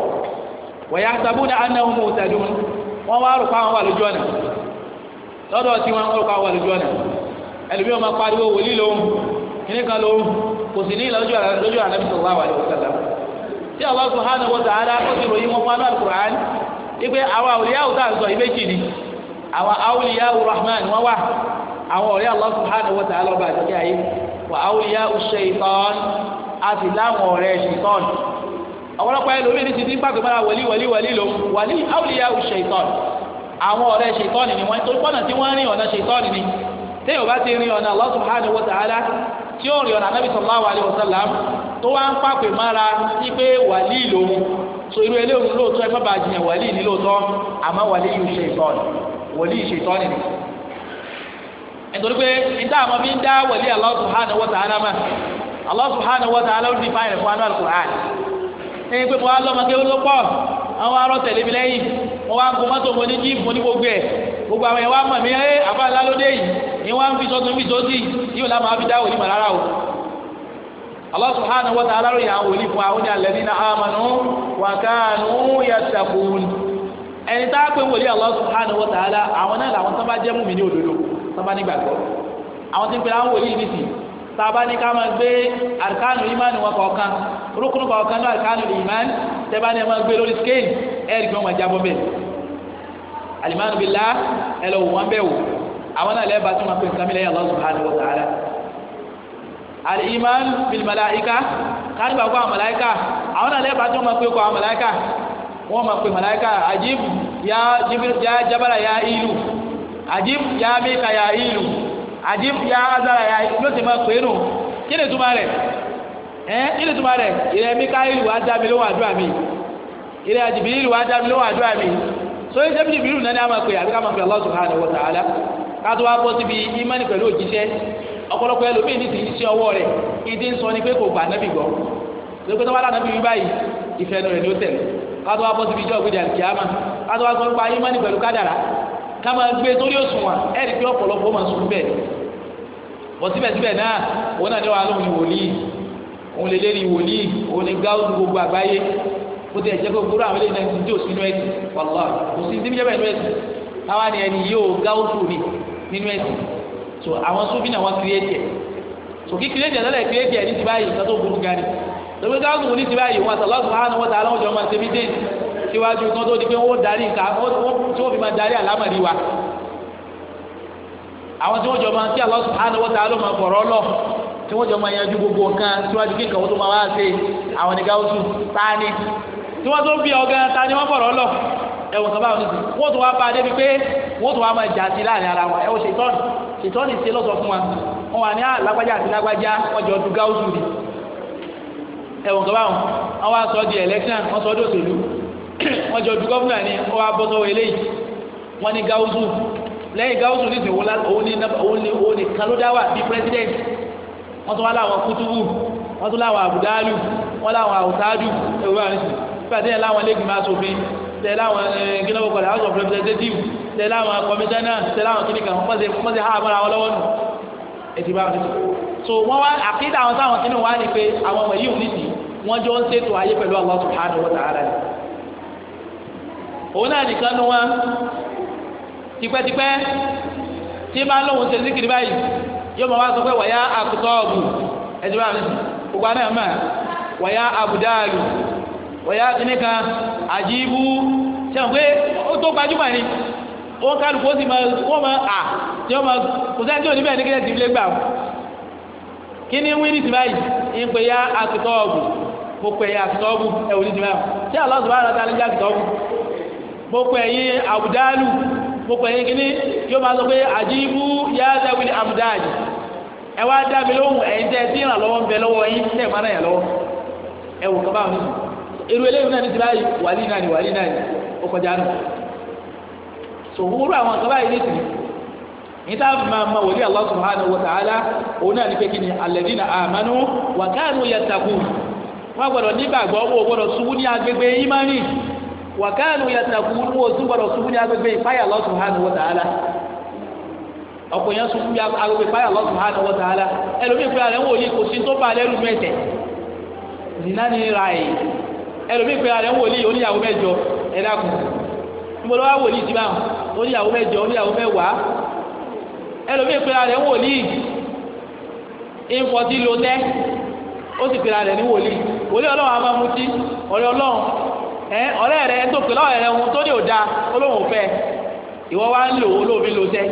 wọ̀yà sabúnà anáhùn mọ̀ òtẹ̀dùn wọ́n wá rò fáwọn wà lójú ọ̀nà lọ́dọ̀ tí wọ́n rò fáwọn wà lójú ọ̀nà ẹlòmíì máa pariwo wòlíì lòun kíní kan lòun kò sì ní ìlọ́jú lójú ànábì sallallahu alaihi wasallam tí àwọn ọ̀rẹ́ Allah subhanahu wa ta'ala ọba àti ayé wà áwòlíyá ṣaitan á sì láwọn ọ̀rẹ́ ṣaitan ọ̀pọ̀lọpọ̀ ẹlòmíì ní ti dín pàtó bára wàlí wàlí wàlí lò wàlí áwòlíyá ṣaitan àwọn ọ̀rẹ́ ṣaitan ni wọ́n torí pọ́nà tí wọ́n rìn ọ̀nà ṣaitan ni téèyàn bá ti rìn ọ̀nà Allah subhanahu wa ta'ala tí ó rìn ọ̀nà anábì sallallahu alaihi wasallam tó wá ń pàpè mára sí pé wàlí lòun so irú eléyìí lóòótọ́ ẹ má bàa jiyàn wàlí ní lóòótọ́ àmọ́ wàlí yìí ṣe ìtọ́ni wàlí yìí ṣe ìtọ́ni nìyí nítorí pé níta àwọn fi ń dá wàlí Allah subhanahu wa ta'ala mà Allah subhanahu wa ta'ala ó di fáyìn fún anú al-Qur'an ẹni pé mo wá lọ́mọ kéwọ́n ló pọ̀ àwọn arọ́ tẹ̀lé mi lẹ́yìn mo wá ń gun mọ́tò mo ní jíìpù mo ní gbogbo ẹ̀ gbogbo àwọn yẹn wá mọ̀ mí ẹ́ àbá yìí ni wọ́n á ń fi sọ́tún fi sọ́tì yóò lá máa fi dá ẹni tá a pé wòlíì àwọn náà làwọn tó bá mú mi sábà nígbàgbọ́ àwọn tí ń pèrè àwọn wòlíì nìsí sábà ní ká máa gbé àrìkánù ìmánu wọn kọ̀ọ̀kan rúkúnù kọ̀ọ̀kan ní àrìkánù ìmán tẹ́bá ní ẹ máa gbé lórí scale ẹ̀rì gbọ́n wọn jábọ́ bẹ́ẹ̀ alimánu bí lá ẹ lọ wò wọn bẹ́ẹ̀ wò àwọn náà lẹ́ẹ̀bá tó máa pè nǹkan mílẹ̀ Allah subhanahu wa ta'ala alìmán bil màláìka kánígbà kó àwọn màláìka àwọn náà lẹ́ẹ̀bá tó máa pè kó àwọn màláìka wọ́n máa pè màláìka àjíb ya jabara ya ilu àjìm yá ka yá ìlú àjìm yá azara yá ìlú ló ti máa pè é nù kí ni rẹ̀ ẹ́ kí ni rẹ̀ ìlú mi lówó àdúrà mi ìrẹ́ ìlú mi a máa pè àbí máa pè wa ta'ala kátó wá bọ́ síbi ìmánì pẹ̀lú òjíṣẹ́ ọ̀pọ̀lọpọ̀ ẹlòmíì ní ti ṣe ọwọ́ rẹ̀ ìdí ń sọ ni pé kò gbà nábì gbọ́ lóko tó bá lànà bíbí báyìí ìfẹ́ nu rẹ̀ ká máa gbé torí òṣùwọ̀n ẹ̀rí pé ọ̀pọ̀lọpọ̀ ó máa sùn bẹ́ẹ̀ bọ̀ síbẹ̀síbẹ̀ náà òun náà ní wàá lóhùn ní wòlíì òun lè lérí wòlíì òun ní gáwùsù gbogbo àgbáyé kó tiẹ̀ jẹ́ kó gbúrò àwọn eléyìí náà ti dí òsì nínú ẹ̀sìn wàlúwà kò sí níbi jẹ́bẹ̀ nínú ẹ̀sìn táwa ni ẹni yóò gáwùsù ni nínú ẹ̀sìn so àwọn sófì náà wọ́n kiri ẹ̀jẹ̀ so kí kiri ẹ̀jẹ̀ lọ́lẹ̀ kiri ẹ̀jẹ̀ ní ti báyìí nǹkan tó burú gan ni lórí gáwùsù ní ti báyìí wọn síwájú kan tó di pé wọ́n darí nǹkan tí wọ́n fi máa darí àlámọ̀rí wa àwọn tí wọ́n jọ máa ń tí Allah subhanahu wa ta'ala máa fọ̀rọ̀ lọ tí wọ́n jọ máa yanjú gbogbo nǹkan síwájú kí nǹkan tó máa wá ṣe àwọn nìkan oṣù tani tí wọ́n tó bí ọ̀gá tani wọ́n fọ̀rọ̀ lọ ẹ̀wọ̀n kan báwọn nìkan wọ́n tó wá bá a débi pé wọ́n tó wá máa jà sí láàrin ara wa ẹ̀wọ̀n ṣètọ́nù ṣètọ́nù ṣe lọ́sọ̀ fún wa wọn wà ní alágbájá ah, àti lágbájá ọjọ́ ọdún gáúsù ni ẹ̀wọ̀n kan báwọn wọ́n wá sọ di election wọ́n sọ di òṣèlú wọ́n jọ ju gọ́fúnà ni ó wá bọ́ sọ́wọ́ eléyìí wọ́n ní gáúsù lẹ́yìn gáúsù ní ìsìn òun ní kálódáwà bíi pírẹsidẹ́ǹtì wọ́n tún wá láwọn kútùbù wọ́n tún láwọn àbùdáàlù wọ́n láwọn àwùtáàdù ẹ̀rọ àwọn ìsìn pàdé ẹ̀ láwọn lẹ́gbìmọ̀ asòfin tẹ̀ láwọn gílọ́wọ́ kọ̀dà house of representatives tẹ̀ láwọn commissioner tẹ̀ láwọn kìnìkan wọ́n ti so wọn wá àkídà àwọn táwọn kìnìún wá ní pé àwọn ọmọ yìí ò ní sí wọn jọ ń ṣètò òun náà nìkan nu wọn tipẹ́tipẹ́ tí máa ń lóhun ṣe síkiri báyìí yóò máa wá sọ pé wàyà àkùtọ́ọ̀bù ẹ̀jẹ̀ bá mi gbogbo àná ẹ̀ mọ̀ àbùdáàlù pé ó tó gbajúmọ̀ ni wọ́n kálukú ó sì máa wọ́n máa à tí wọ́n máa kò sẹ́ni tí ò ní bẹ́ẹ̀ ní lé gbà o kí ni ti báyìí ń pè ya àkùtọ́ọ̀bù mo pè ya àkùtọ́ọ̀bù ti báyìí àlọ́ mo pè yín àbùdálù mo pè yín kíní yóò máa sọ pé àjíbú yá dáwìlì àbùdáàjì ẹ wá dá mi lóhùn ẹ̀yin tẹ́ tí ìrànlọ́wọ́ ń bẹ lọ́wọ́ yà ẹ wò kaba mi irú eléyìí náà ní ti báyìí wàlí náà ní wàlí náà ní ó kọjá nù àwọn kaba yìí máa ma wòlíì Allah subhanahu wa ta'ala òun náà ní pé wa kanu yattaqun wọn gbọ́dọ̀ nígbàgbọ́ wọn gbọ́dọ̀ ṣubú ní agbègbè wàkàánù yàtàkùn wọn ò ụmụ sunkún ní agbègbè ìpáyà Allah subhanahu wa ta'ala ọ̀pọ̀ yẹn sunkún ní agbègbè ìpáyà Allah subhanahu wa ta'ala ẹlòmíì pé àrẹ wòlíì kò sí tó bá mẹ́tẹ̀ nínà ní ra ẹlòmíì pé oníyàwó mẹ́jọ ti báwọn oníyàwó mẹ́jọ oníyàwó mẹ́wàá ẹ ọ̀rẹ́ rẹ tó pè lọ́rẹ́ ohun tó ní òda olóhùn fẹ́ ìwọ wá ń lò olóòfin lò sẹ́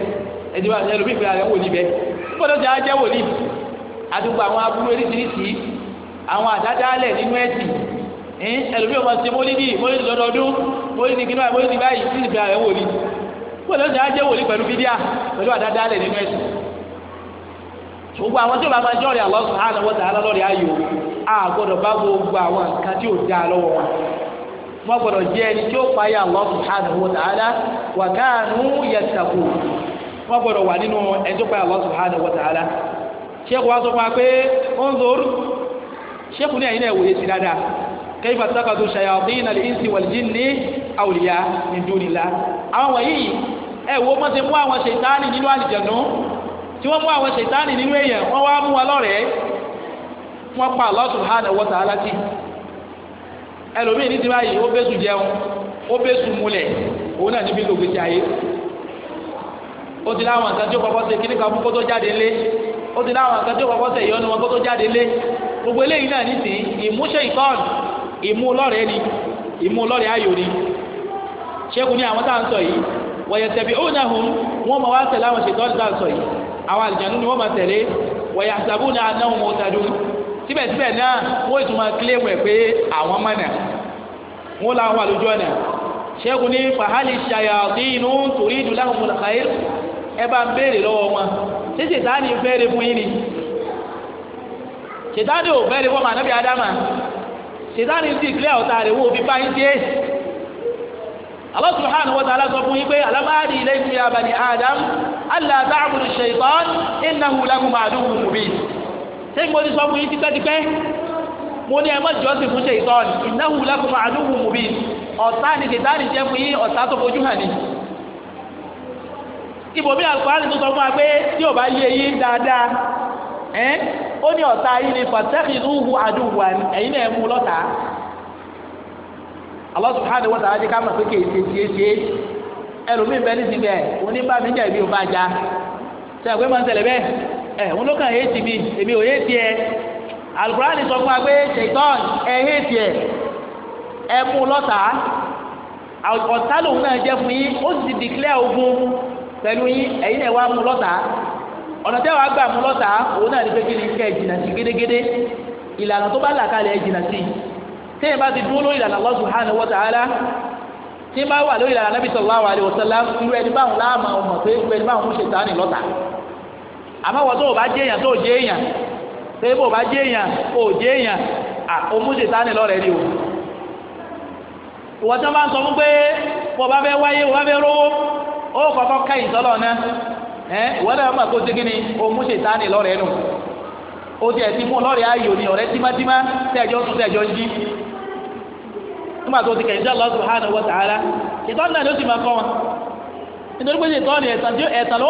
ẹni wà ẹlòmíì wòlíì ti wòlíì àdúgbò àwọn àwọn àdádálẹ̀ nínú ẹlòmíì ọmọ ti mólídì mólídì mólídì kínú mólídì báyìí sí wòlíì ti wòlíì pẹ̀lú fídíà pẹ̀lú àdádálẹ̀ nínú wọ́n gbọ́dọ̀ jẹ́ ẹni tí ó payà Allah subhanahu wa ta'ala wa kanu yattaqu wọ́n gbọ́dọ̀ wà nínú ẹni tó payà Allah subhanahu wa ta'ala sheikh wa sọ fún wa pé unzur sheikh ní ẹ̀yin náà wòye sí dáadáa kayfa ittakhadhu shayatina al-insi wal-jinni awliya min dunillah àwọn wọ̀nyí ẹ̀ wo wọ́n ti mú àwọn ṣètáàni nínú àlìjẹ̀nú tí wọ́n mú àwọn ṣètáàni nínú èèyàn wọ́n wá mú wọn lọ́rẹ̀ẹ́ wọ́n pa Allah subhanahu wa ta'ala tì í ẹlòmíì ní ti báyìí ó bẹ́sù jẹun ó bẹ́sù múlẹ̀ òun náà níbi gbogbo ti ayé ó ti láwọn nǹkan tí ó kọ́kọ́ ṣe kíní kan fún kótó jáde lé ó ti láwọn nǹkan tí ó kọ́kọ́ ṣe ìyọnu wọn kótó jáde lé gbogbo eléyìí náà nísìnyí ìmúṣe ìkọ́ọ̀nù ìmú lọ́rẹ̀ẹ́ ni ìmú lọ́rẹ̀ẹ́ ayò ni ṣẹ́kù ní àwọn táà ń sọ yìí wọ̀yẹ̀tẹ̀bí ó náà hùn wọ́n mọ̀ wá tẹ̀lé àwọn ṣètọ́jú táà ń sọ yìí àwọn àlìjànú ni wọ́n mọ̀ tẹ̀lé wọ̀yẹ̀ àṣàbù náà síbẹ̀síbẹ̀ náà wọ́n ìtumọ̀ kílẹ̀mù ẹ̀ pé àwọn mọ̀nà wọ́n làwọn wà lójú ọ̀nà ṣẹ́gun ní fàhálì ṣàyàtì inú torí ìdúláhùn mùlàkàyè ẹ bá ń béèrè lọ́wọ́ wọn ṣé ṣètánì béèrè fún yín ni ṣètánì ò béèrè fún mànábì ádámà ṣètánì ti kílẹ̀ ọ̀tá rẹ̀ wò bí báyìí dé Allah subhanahu wa fún yín pé alábàádì ilaykum ya bani Adam alla ta'budu shaytan innahu lakum aduwwun mubin. ṣé mo ti sọ fún yín tipẹ́tipẹ́ mo ní ẹ má jọ́sìn fún ṣe ìtọ́ni innahu lakum aduwwun mubin ọ̀tá ni ṣètánì jẹ́ fún yín ọ̀tá tó fojú hàn ni ibòmí al tó sọ fún wa pé tí ò bá yé yín dáadáa ẹ́ ó ní ọ̀tá yín ni fatakhiduhu n'ihu ẹ̀yin náà mú ká mọ̀ pé kéèké ẹ eh, òun ló kàn éèdì mi èmi ò éèdì ẹ alukurani sọ fún wa pé ṣètọ́n ẹ éèdì ẹ ẹ mú lọ́tà ọ̀tá náà jẹ́ fún yín ó sì dìklẹ́ ogun pẹ̀lú yín ẹ̀yin náà wá mú lọ́tà ọ̀nà tẹ́wàá gbà mú lọ́tà òun náà ni kẹ́ ẹ̀ jìnnà sí gédégédé ìlànà tó bá là kalẹ̀ ẹ̀ jìnnà ti dúró lórí àmọ́ wọ́n tó o bá jẹ́ èèyàn tó o jẹ́ èèyàn tó o bá jẹ́ èèyàn o jẹ́ èèyàn o mú sèta ni lọ́rẹ̀ ni o ìwọ́n tí wọ́n bá ń sọ fún pé wọ́n bá fẹ́ wáyé wọ́n bá fẹ́ rówó ó kọ́kọ́ ká ìtọ́lọ̀ náà ẹ ìwọ́n náà mọ̀ kó segin ni o mú sèta ni lọ́rẹ̀ nù o tiẹ̀ ti mú lọ́rẹ̀ ayò ni ọ̀rẹ́ tímátímá tẹ̀jọ́ tún tẹ̀jọ́ jí nígbà tó ti kẹ̀ insha Allah subhanahu wa ta'ala ìtọ́ni náà ló ti máa kọ́ wọn nítorí pé ìtọ́ni ẹ̀sán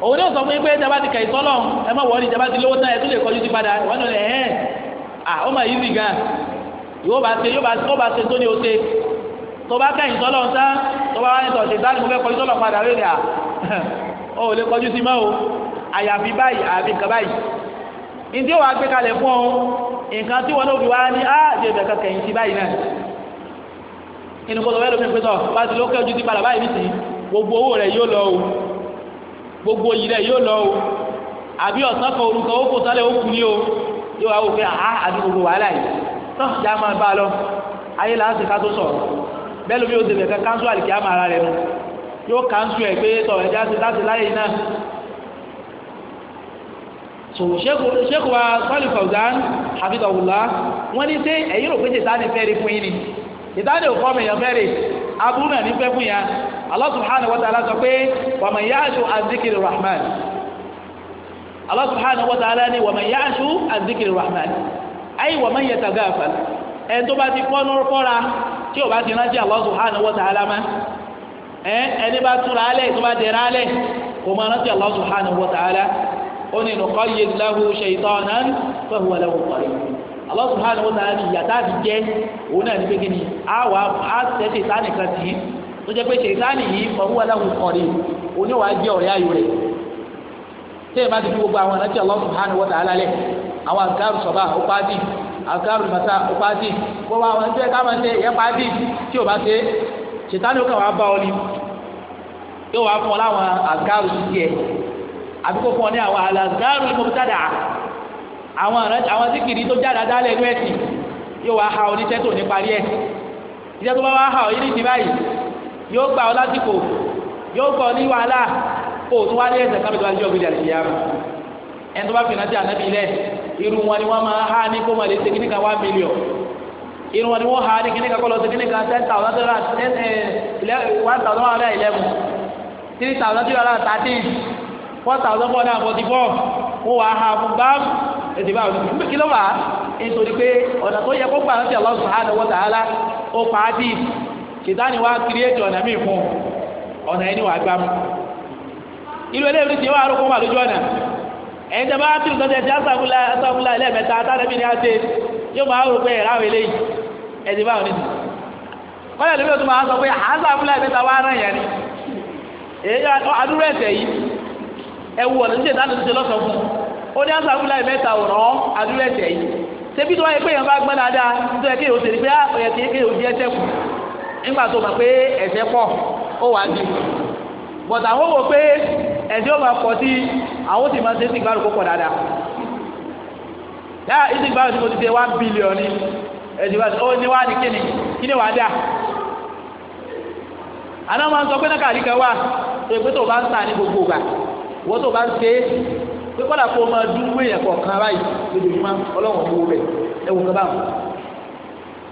òun yóò sọ fún yín pé ìjọba ti kẹ̀yìn sọ́lọ̀ ẹ má wọlé ìjọba ti lówó tán ẹ tún lè kọjú sí padà wọn lọ ẹ ẹ à ó mà yí rí gan yóò bá ṣe yóò bá ṣe tó ní o ṣe tó bá kẹ̀yìn sọ́lọ̀ ń tán tó bá wà ní sọ̀tẹ̀ sáré mo fẹ́ kọjú sọ́lọ̀ padà rẹ̀ rẹ̀ à ó lè kọjú sí mọ́ o àyàfi báyìí àyàfi nǹkan báyìí ìdí ò wá gbé kalẹ̀ fún ọ nǹkan tí wọn ló fi wá ní á ṣe ibẹ̀ kan kẹ̀yìn sí báyìí náà inú kó lọ fẹ́ gbogbo yìí rẹ̀ yóò lọ o àbí ọ̀sán kan orúkọ ó kò sálẹ̀ ó kù ní o yóò wá wò pé àá àbí gbogbo wàhálà yìí tó yà á máa bá a lọ ayé là ń ṣe ká tó sọ̀rọ̀ bẹ́ẹ̀ lómi yóò tẹ̀lé ká káńsù àlìkí á máa ra rẹ̀ nu yóò káńsù ẹ̀ pé tọ̀ ẹ̀já ti láti láyé náà so sheikh wa sọ́ọ̀lì fawzan hafidhahullah wọ́n ní sẹ́ ẹ̀yìn rò pé ṣètánì fẹ́ẹ́ rí fún yín ni ṣètánì ò mi yàn fẹ́ẹ́ rí abúrú náà ní fẹ́ fún yàn Allah subhanahu wa ta'ala sọ pé wa man ya'shu an dhikri rahman Allah subhanahu wa ta'ala ni wa man ya'shu an dhikri rahman ayé wa man yatagaffal ẹ̀ tó bá ti fọ́nú fọ́ra tí o bá ti rántí Allah subhanahu wa ta'ala mọ́ ẹ̀ ẹni bá túra alẹ́ tó bá dẹ̀ra alẹ́ kò máa rántí Allah subhanahu wa ó ní nuqayyid lahu shaytanan fahuwa lahu qarin Allah subhanahu wa ta'ala ni ìyàtá ti jẹ́ òun náà ní pé kí ni a wà sáà nìkan tì í tó jẹ́ pé ṣètánì yìí ọ̀hún aláwọ̀ ọ̀rẹ́ òní wàá jẹ́ ọ̀rẹ́ ayò rẹ̀ tẹ́yẹ̀ bá ti fi gbogbo àwọn aláṣẹ Allah subhanahu wa ta'ala lẹ̀ àwọn àgárù sọ̀bà ó pàdé àgárù màtà ó pàdé gbogbo àwọn ẹgbẹ́ ká máa ń tẹ ìyẹn pàdé tí ò bá ṣe ṣètánì ó kàn wá bá ọ ni yóò wá fún ọ láwọn àgárù sí tiẹ̀ àbí fún ọ ní àwọn àgárù mọ̀tàdà àwọn àwọn síkìrì tó tó yóò gbà ọ lásìkò yóò gbà ọ ní wàhálà kó o tún wá ní ẹsẹ̀ kábẹ̀ tó wá níjọ́ gbèdé àlejò yàrá ẹni tó bá fi nàti ànábì lẹ irú wọn ni wọn máa ha ní kó máa lè ṣe kíníkà one million irú wọn ni wọn ha ní kíníkà kọ́ lọ ṣe kíníkà ten thousand dollar ten eh, one thousand one hundred eleven three thousand three hundred thirteen four thousand four hundred forty four wọn wà ha fún báàm ètò ìbáwò ní kí ló wà nítorí pé ọ̀nà tó yẹ kó gbà láti Allah subhanahu wa ta'ala ó pa á dì í. ṣètánì wá kírẹ́ẹ̀tì ọ̀nà míì fún ọ̀nà ẹni wàá gbámú ìlú eléyìí ti wá àrùkún wà lójú ọ̀nà bá ni a ṣe yóò máa rò pé ẹ̀rá àwọn eléyìí ẹ̀dí báwọn nìyí kọ́lẹ̀ lóbi òtún máa sọ pé asàfúlà ẹ̀mẹta wá rán yẹn ni èyí adúrú ẹ̀sẹ̀ yìí ẹ̀wù ọ̀nà tí ìdáná ti ṣe lọ́sọ̀ fún ó ní nígbà tó mọ̀ pé ẹ̀ṣẹ̀ pọ̀ ó wà á di bọ̀tà àwọn wò pé ẹ̀ṣẹ̀ ó máa pọ̀ sí àwọn sì máa ṣe sí ìgbàlù kó pọ̀ dáadáa yá ìdí ìgbàlù tí mo ti ṣe one billion ni ẹ̀ṣẹ̀ wá ó ní wá ní kíni kíni wàá dà àná máa ń sọ pé náà kàdí kan wà pé pé tó bá ń tà ní gbogbo ìgbà wọ́n tó bá ń ṣe é pé kọ́dà kó o máa dúró èèyàn kọ̀ọ̀kan báyìí lójoojúmọ́ ọlọ́run ò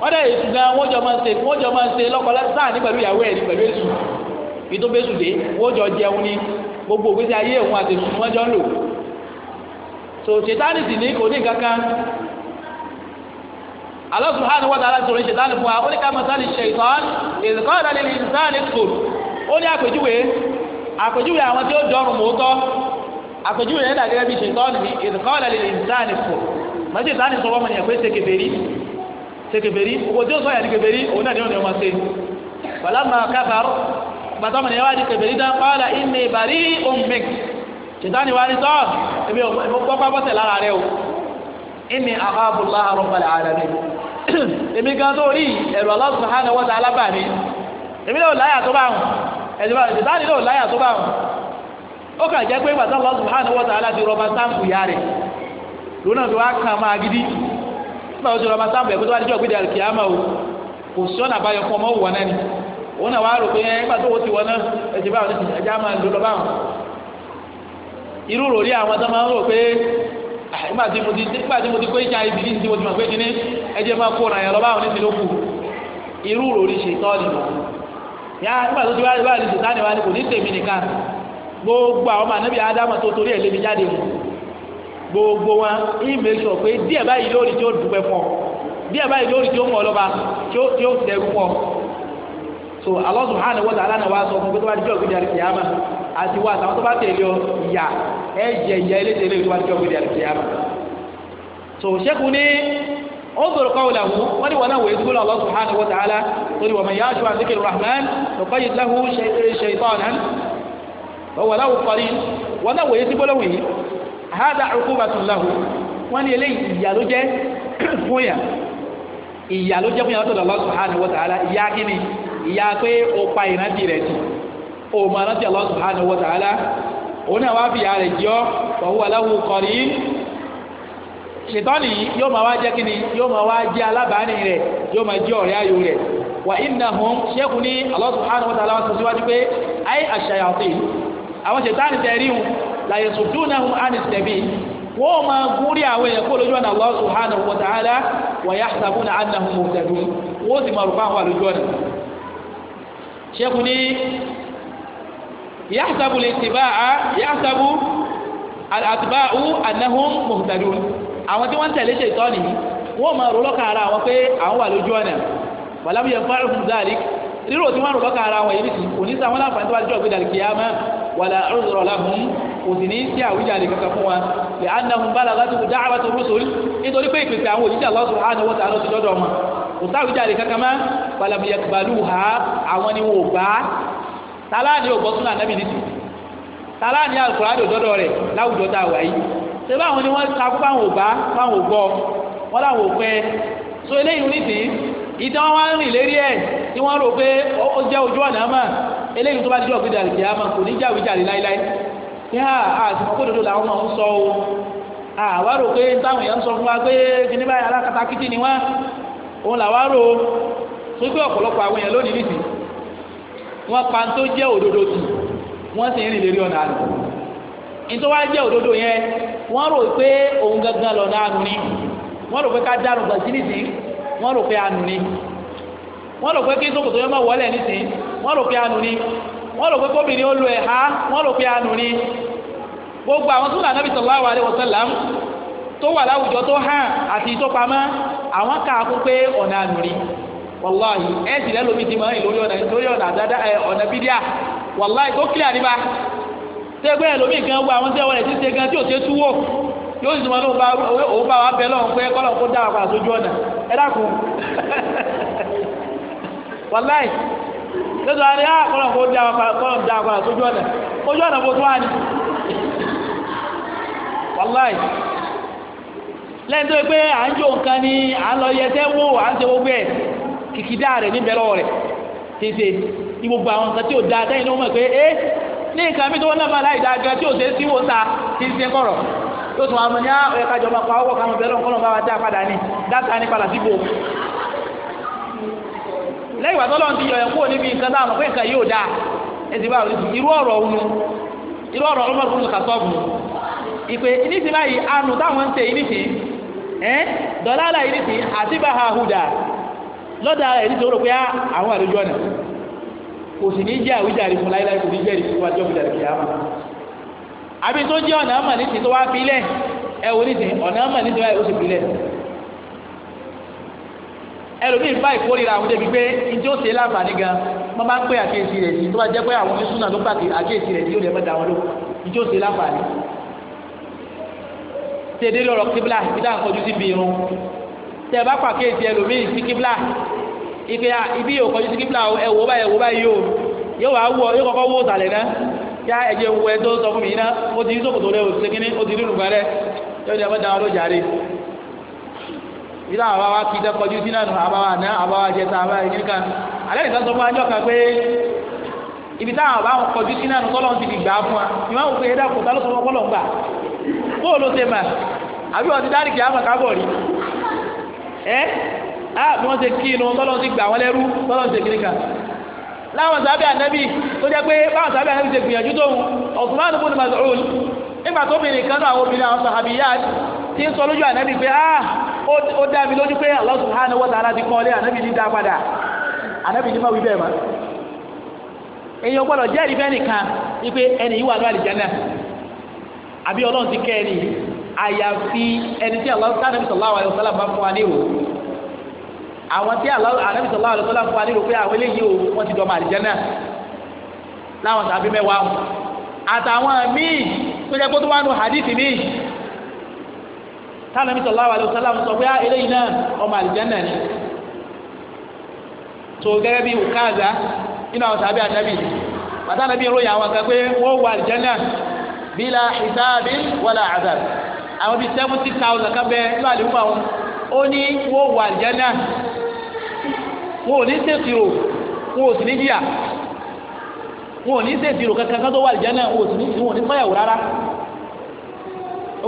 wọ́n dẹ̀ èsù gan wọ́n jọ máa ń ṣe wọ́n jọ máa ń ṣe lọ́kọ̀ọ́lá sáà ní pẹ̀lú ìyàwó ẹ̀ ní pẹ̀lú èsù ibi tó bẹ́sù dé wọ́n jọ jẹun ní gbogbo ògbésí ayé òun àti èsù wọ́n jọ ń lò so ṣètánì sì ní kò ní nǹkan kan Allah subhanahu wa ta'ala sọ̀rọ̀ ṣètánì fún wa ó ní ká máa sáré ṣe ìtàn ìdíkọ́ ìdálẹ́ ní sáàni kò ó ní àpèjúwe àpèjúwe àwọn tí ó dọrùn mọ́tọ́ àpèjúwe yẹn dàgẹ́gẹ́ bí ṣètánì ní ìdíkọ́ ìdálẹ́ ní sáàni kò mọ̀ ṣètánì sọ ṣe kèfèrí owó tí ó sọ yà di kèfèrí òun náà ni wọn ni wọn máa ṣe balama kafar gbàtọ́ mọ̀ ní wá di kèfèrí dán pààlà inni bari'un mink ṣètánì wá ní tọ́ èmi ò gbọ́ pápọ́sẹ̀ lára rẹ o inni akhafu Allaha rabbal alamin èmi gan tó rí ẹ̀rọ Allah subhanahu wa ta'ala bá mi èmi náà láyà tó bá wọn ẹ̀dùnmá ṣètánì náà láyà tó bá wọn ó kàn jẹ́ pé gbàtọ́ Allah subhanahu wa ta'ala ti rọba sáǹpù yá lónà tó wá kàn máa gidi nígbà oṣù lọ́ba sáàmù ẹ̀kú tó wá dijọ́ gbéde àlùkìyàmà o kò sí ọ̀nà àbáyọ fún ọmọ òwò náà ni òun náà wàá rò pé ẹgbà tó wọ́n ti wọ́n náà ẹ̀jẹ̀ báwọn ti ẹ̀jẹ̀ á máa lò lọ́ba wọn. irú ròrí àwọn tó máa ń rò pé ah, nígbà tí mo ti nígbà tí mo ti kó ìjà ibi ní ti mo ti mọ̀ pé kíní ẹ̀jẹ̀ máa kó ràn yàn lọ́ba wọn ní ti ló kù irú ròrí ṣètọ́ọ̀lì yá nígbà tó ti wá ní ṣètọ́ọ̀lì wa ni kò ní tèmi nìkan gbogbo àwọn mànàbí ádámà tó torí ẹ̀ jáde wọn gbogbo wọn yìí make sure pé díẹ̀ báyìí lórí tí ó dúpẹ́ fún ọ díẹ̀ báyìí lórí tí ó mọ̀ ọlọ́ba tí ó tẹ̀ fún ọ so Allah subhanahu wa ta'ala náà wá sọ fún pé tó bá dijọ́ gbéjà kìyàmà àti wá àtàwọn tó bá tẹ̀lé ọ ìyà ẹ jẹ ìyà eléte lórí tó bá dijọ́ gbéjà kìyàmà so sẹ́kù ní ó sọ̀rọ̀ kọ́ ọ̀làwù wọ́n ní wọn náà wòye sukúlù Allah subhanahu wa ta'ala torí wọn yà á ṣe wà rahman lọ́kọ́ yìí lahu ṣe ìtọ́ ọ̀nà wọn náà wòye sukúlù hada uqubatun lahu wọ́n ní eléyìí ìyà ló jẹ́ fún yà ìyà ló jẹ́ fún yà lọ́tọ̀ Allah subhanahu wa ta'ala ìyà kíni ìyà pé o pa ìrántí rẹ̀ tì o mọ̀ ìrántí Allah subhanahu wa ta'ala òun náà wá fi ìyà rẹ̀ jọ́ wa huwa lahu qarin ṣètọ́nì yóò máa wá jẹ́ kíni yóò máa wá jẹ́ alábàání rẹ̀ yóò máa jẹ́ ọ̀rẹ́ ayò rẹ̀ wa innahum ṣẹ́kù ní Allah subhanahu wa ta'ala wọ́n sọ síwájú pé ayé àṣàyàn láyé sùdú náà hùn ánì sẹ̀bi wọ́n máa gúnrí àwọn èèyàn kó lójú ọ̀nà Allah subhanahu wa ta'ala wa yahsabuna annahum muhtadun wọ́n sì máa rúbá àwọn àlójú ọ̀nà. sẹ́kù ní yahsabu al-ittiba'a yahsabu al-atba'u annahum muhtadun àwọn tí wọ́n tẹ̀lé ṣètọ́ nìyí wọ́n máa rò lọ́kàn ara wọn pé àwọn wà lójú ọ̀nà wàlámù yẹn fún àrùn zalik rírò tí wọ́n rò lọ́kàn ara wọn yìí nìsí kò ní sáwọn láǹfààní tó wá jọ gbé dàlùkìyàmá kò sì ní sí àwíjàre kankan fún wa lè anahun bala láti kú dáhàbà tó rúṣòrí nítorí pé ìpèsè àwọn òjíṣẹ́ Allah subhanahu wa ta'ala ti lọ́dọ̀ wọn kò sáwíjàre kankan mọ́ balabiyẹ balu ha àwọn ni wọn ò gbà á tálá ni ògbọ́ súnà nàbì nìtì tálá ni alukóradò dọ́dọ̀ rẹ̀ láwùjọ tá a wà yìí ṣé báwọn ni wọ́n takú fáwọn ò bá fáwọn ò wọ́n làwọn ò so eléyìí nìtì eléyìí tó bá dídọ̀ gbé dàrí kìá mà kò ní jáwé jàre láéláé yá àti mọ̀kódodo làwọn máa ń sọ o wà rọ pé táwọn èèyàn ń sọ fún wa pé kíní báyìí alákatakítí ni wá òun tó gbé ọ̀pọ̀lọpọ̀ àwọn èèyàn lónìí nìsí wọn pa tó jẹ́ òdodo tì wọ́n sì ń rìn lérí ọ̀nà àná jẹ́ òdodo yẹn rò pé òun gangan nù rò pé ká nìsí rò pé rò pé kí yẹn wọlé nìsí rò pé wọ́n rò pé kóbìnrin ó ẹ̀há wọ́n pé anù ni gbogbo àwọn súnà Ànábì sallallahu alaihi wasallam tó wà láwùjọ tó hàn àti tó pamọ́ àwọn kàákú pé ọ̀nà anù ni wàláhì ẹ̀ sì lẹ́ ti mọ́ lórí ọ̀nà lórí ọ̀nà gan àwọn tẹ́wọ́ rẹ̀ ti ṣe gan tí ò ṣe yóò sì máa bá òun bá lọ́sọ̀ a á ah, kọ́nà kó dá ọkọ̀ sójú ọ̀nà ojú ọ̀nà kó tó wà ní. wàláì lẹ́yìn tó pé à ń jó nǹkan ni à ń lọ yẹsẹ́ wò à ń ṣe gbogbo ẹ̀ kìkìdá rẹ̀ níbẹ̀ lọ́wọ́ rẹ̀ tètè ní gbogbo àwọn nǹkan tí ò dáa sẹ́yìn ló mọ̀ pé ẹ́ ní nǹkan mi tó wọ́n gan tí ò ṣe é sí wò ta kí n ṣe kọ̀rọ̀ tún àwọn lẹ́yìn ìgbà tọ́lọ́run ti yọ ẹ̀ kúrò níbi nǹkan táwọn pé nǹkan yóò dáa ẹ̀sì bá òní irú ọ̀rọ̀ òun irú ọ̀rọ̀ ọlọ́mọ fún kàtọ́ọ̀bù ìpè níṣì báyìí anu táwọn ń tẹ níṣì ẹ́ dọ̀làlà níṣì àti bàhà hùdà lọ́dà ẹ̀ ó rò pé ah, àwọn àlejò ọ̀nà kò sì ní jẹ́ àwíjàre fún kò ní jẹ́ ẹlòmíì bá ìkórira àwọn débi pé ìdí ó ṣe láǹfààní gan wọn bá ń pè àkíyèsí rẹ sí tó bá jẹ pé àwọn oníṣúná ló gbà àkíyèsí rẹ sí ó lè mọ dàwọn ló ìdí ó ṣe láǹfààní. tèdè lọrọ kíbla ìdá nǹkanjú sí bìrún tẹ ẹ bá pàkíyèsí ẹlòmíì sí kíbla ìpè ibi yóò kọjú sí kíbla ẹwọ báyìí ẹwọ báyìí yóò yóò wá wọ yóò kọ́kọ́ wó òtàlẹ̀ náà yá ẹ̀jẹ̀ wọ ẹ tó sọ fún mi iná ó ti rí sókòtò rẹ òsèkínní ó ti rí lùgbà rẹ yóò ilé àwọn àwa kì í dẹ́kọjú sí náà àbáwá àná àbáwá jẹta àbáwá ìyẹn kan alẹ́ fún ajọ́ kan pé ibi táwọn àbá wọn kọjú tọ́lọ́ ti fi gbà á fún wa ẹ̀dá kò tá ló gbà ṣe mà àbí wọn ti dárí kìá mà kábọ̀ rí ẹ́ á bí ṣe kí inú tọ́lọ́ ti gbà lẹ́rú tọ́lọ́ ti ó dá mi lójú pé Allah subhanahu wa ta'ala ti kọ́lé ànábì ní dá ànábì ní má bẹ́ẹ̀ mọ́ èèyàn gbọ́dọ̀ jẹ́rìí fẹ́ nìkan wípé ẹni yìí wà ní àlìjánnà àbí ọlọ́run ti kẹ́ ẹni àyàfi ẹni tí ànábì sallallahu alaihi wasallam bá fún wa ní àwọn tí Allah ànábì fún wa o wọ́n ti dọ̀mọ̀ láwọn tàbí mẹ́wàá àtàwọn míì tó hadithi míì tánàbí sallallahu alaihi wasallam sọ pé ah, eléyìí náà ọmọ àlìjánà ni tó gẹ́gẹ́ bí ukaza nínú àwọn sàbí ànábì pàtàkì ìròyìn àwọn kan pé wọ́n wà àlìjánà bila hisabi wala azab àwọn bíi seventy thousand kan bẹ nínú àwọn ó ní wọ́n wà àlìjánà wọn ò ní ṣèṣirò wọn ò sì ní jìyà wọn ò ní ṣèṣirò kankan tó wà àlìjánà wọn ò sì ní fàyàwó rárá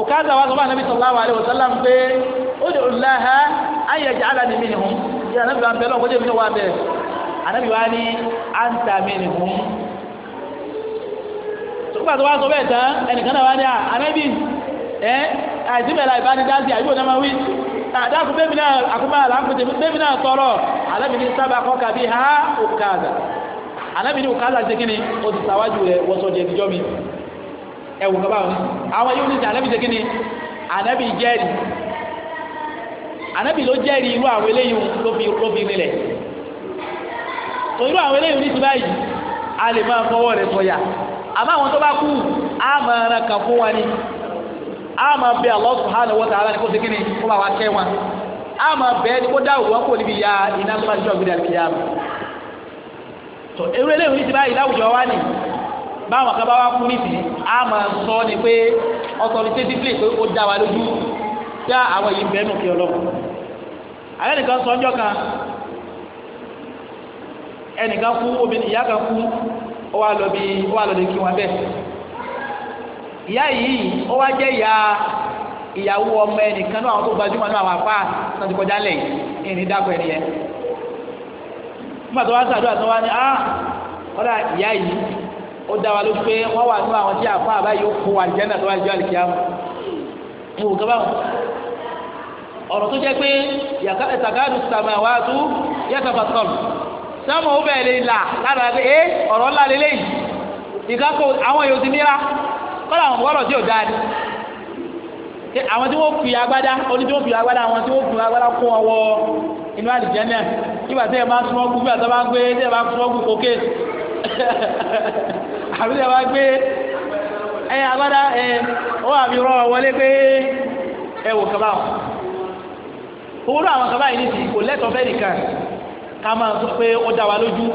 òkàtà wa sọ fún anabi sallallahu alaihi wasallam pé ó di ọ̀làhà ayé ẹ̀jẹ̀ aláàdì mi nìhun yìí anabi wa bẹ̀rẹ̀ ọkọ̀ jẹ́mi ní wa bẹ̀rẹ̀ anabi wa ní anta mi nìhun. sọ́kùnrin àti wa sọ bẹ́ẹ̀ tán ẹnìkan náà wá ní anabi ẹ àìsí mẹ́la ìbánidásí àyíkò náà máa wí àdàkùn bẹ́ẹ̀ mi náà àkùnbá àlàkùnjẹ bẹ́ẹ̀ mi náà tọrọ alábi ní sábà kọ́ kàbí ha òkàdà alábi ní òkàdà ṣe kí ẹ̀wù kaba wọn àwọn yóò ní sẹ anabi segin ni anabi jẹ́rìí anabi ló jẹ́rìí irú àwọn eléyìí ló fi ló fi rinlẹ̀ tó irú àwọn eléyìí ní ti báyìí a lè máa fọwọ́ rẹ̀ sọ̀yà àmọ́ àwọn tó bá kú á máa ra kàn fún wa ni á máa bẹ Allah subhanahu wa ta'ala ni kó segin ni kó bá wa kẹ́ wọn á máa bẹ ẹni kó dá òwò wọn kó níbi ya iná tó bá ti jọ gbé dàbí ya tó irú eléyìí ní ti báyìí láwùjọ wa ni. báwọn kan bá wá fún á sọ ni pé authoritatively pé ó dá wa lójú dá àwọn èyí bẹ́ẹ̀ nù kí ọlọ́run sọ ọjọ́ kan ẹnìkan kú obìnrin ìyá kan kú ó wá lọ bí ó wá lọ lè kí wọn bẹ́ẹ̀ ìyá yìí ó wá jẹ́ ìyá ìyàwó ọmọ ẹnìkan náà àwọn tó gbajúmọ̀ náà àwọn apá náà ti kọjá lẹ̀ ìrìn nígbà tó wá sàdúrà ah, ó dá wa ló pé wọ́n wà nínú àwọn tí àfa àbáyé ó kó àlìjẹ́nà tó wà lójú àlìkíyàmù ẹ wò gábàá ọ̀rọ̀ tó jẹ́ pé yàtàkàdù sàmàwàtú yàtàfàtọ̀m sáàmù ó bẹ̀rẹ̀ lè là lára pé ẹ ọ̀rọ̀ ńlá lélẹ̀ yìí ìgbà kó àwọn èèyàn ti níra kọ́lá àwọn ọ̀rọ̀ tí ò dáa ni àwọn tí wọ́n fi agbádá oní tí wọ́n fi agbádá àwọn tí wọ́n fi agbádá kó wọn wọ inú àlìjẹ́nà nígbà tí ẹ bá súnmọ́ kú bí àtọ́ bá ń gbé tí ẹ bá súnmọ́ kú kókè àbí ẹ wá gbé ẹ agbádá ẹ ó àbí rọ wọlé pé ẹ wò kaba o owó àwọn kaba yìí nìsí kò lẹ́tọ̀ fẹ́ nìkan ká máa sọ pé ó dá wa lójú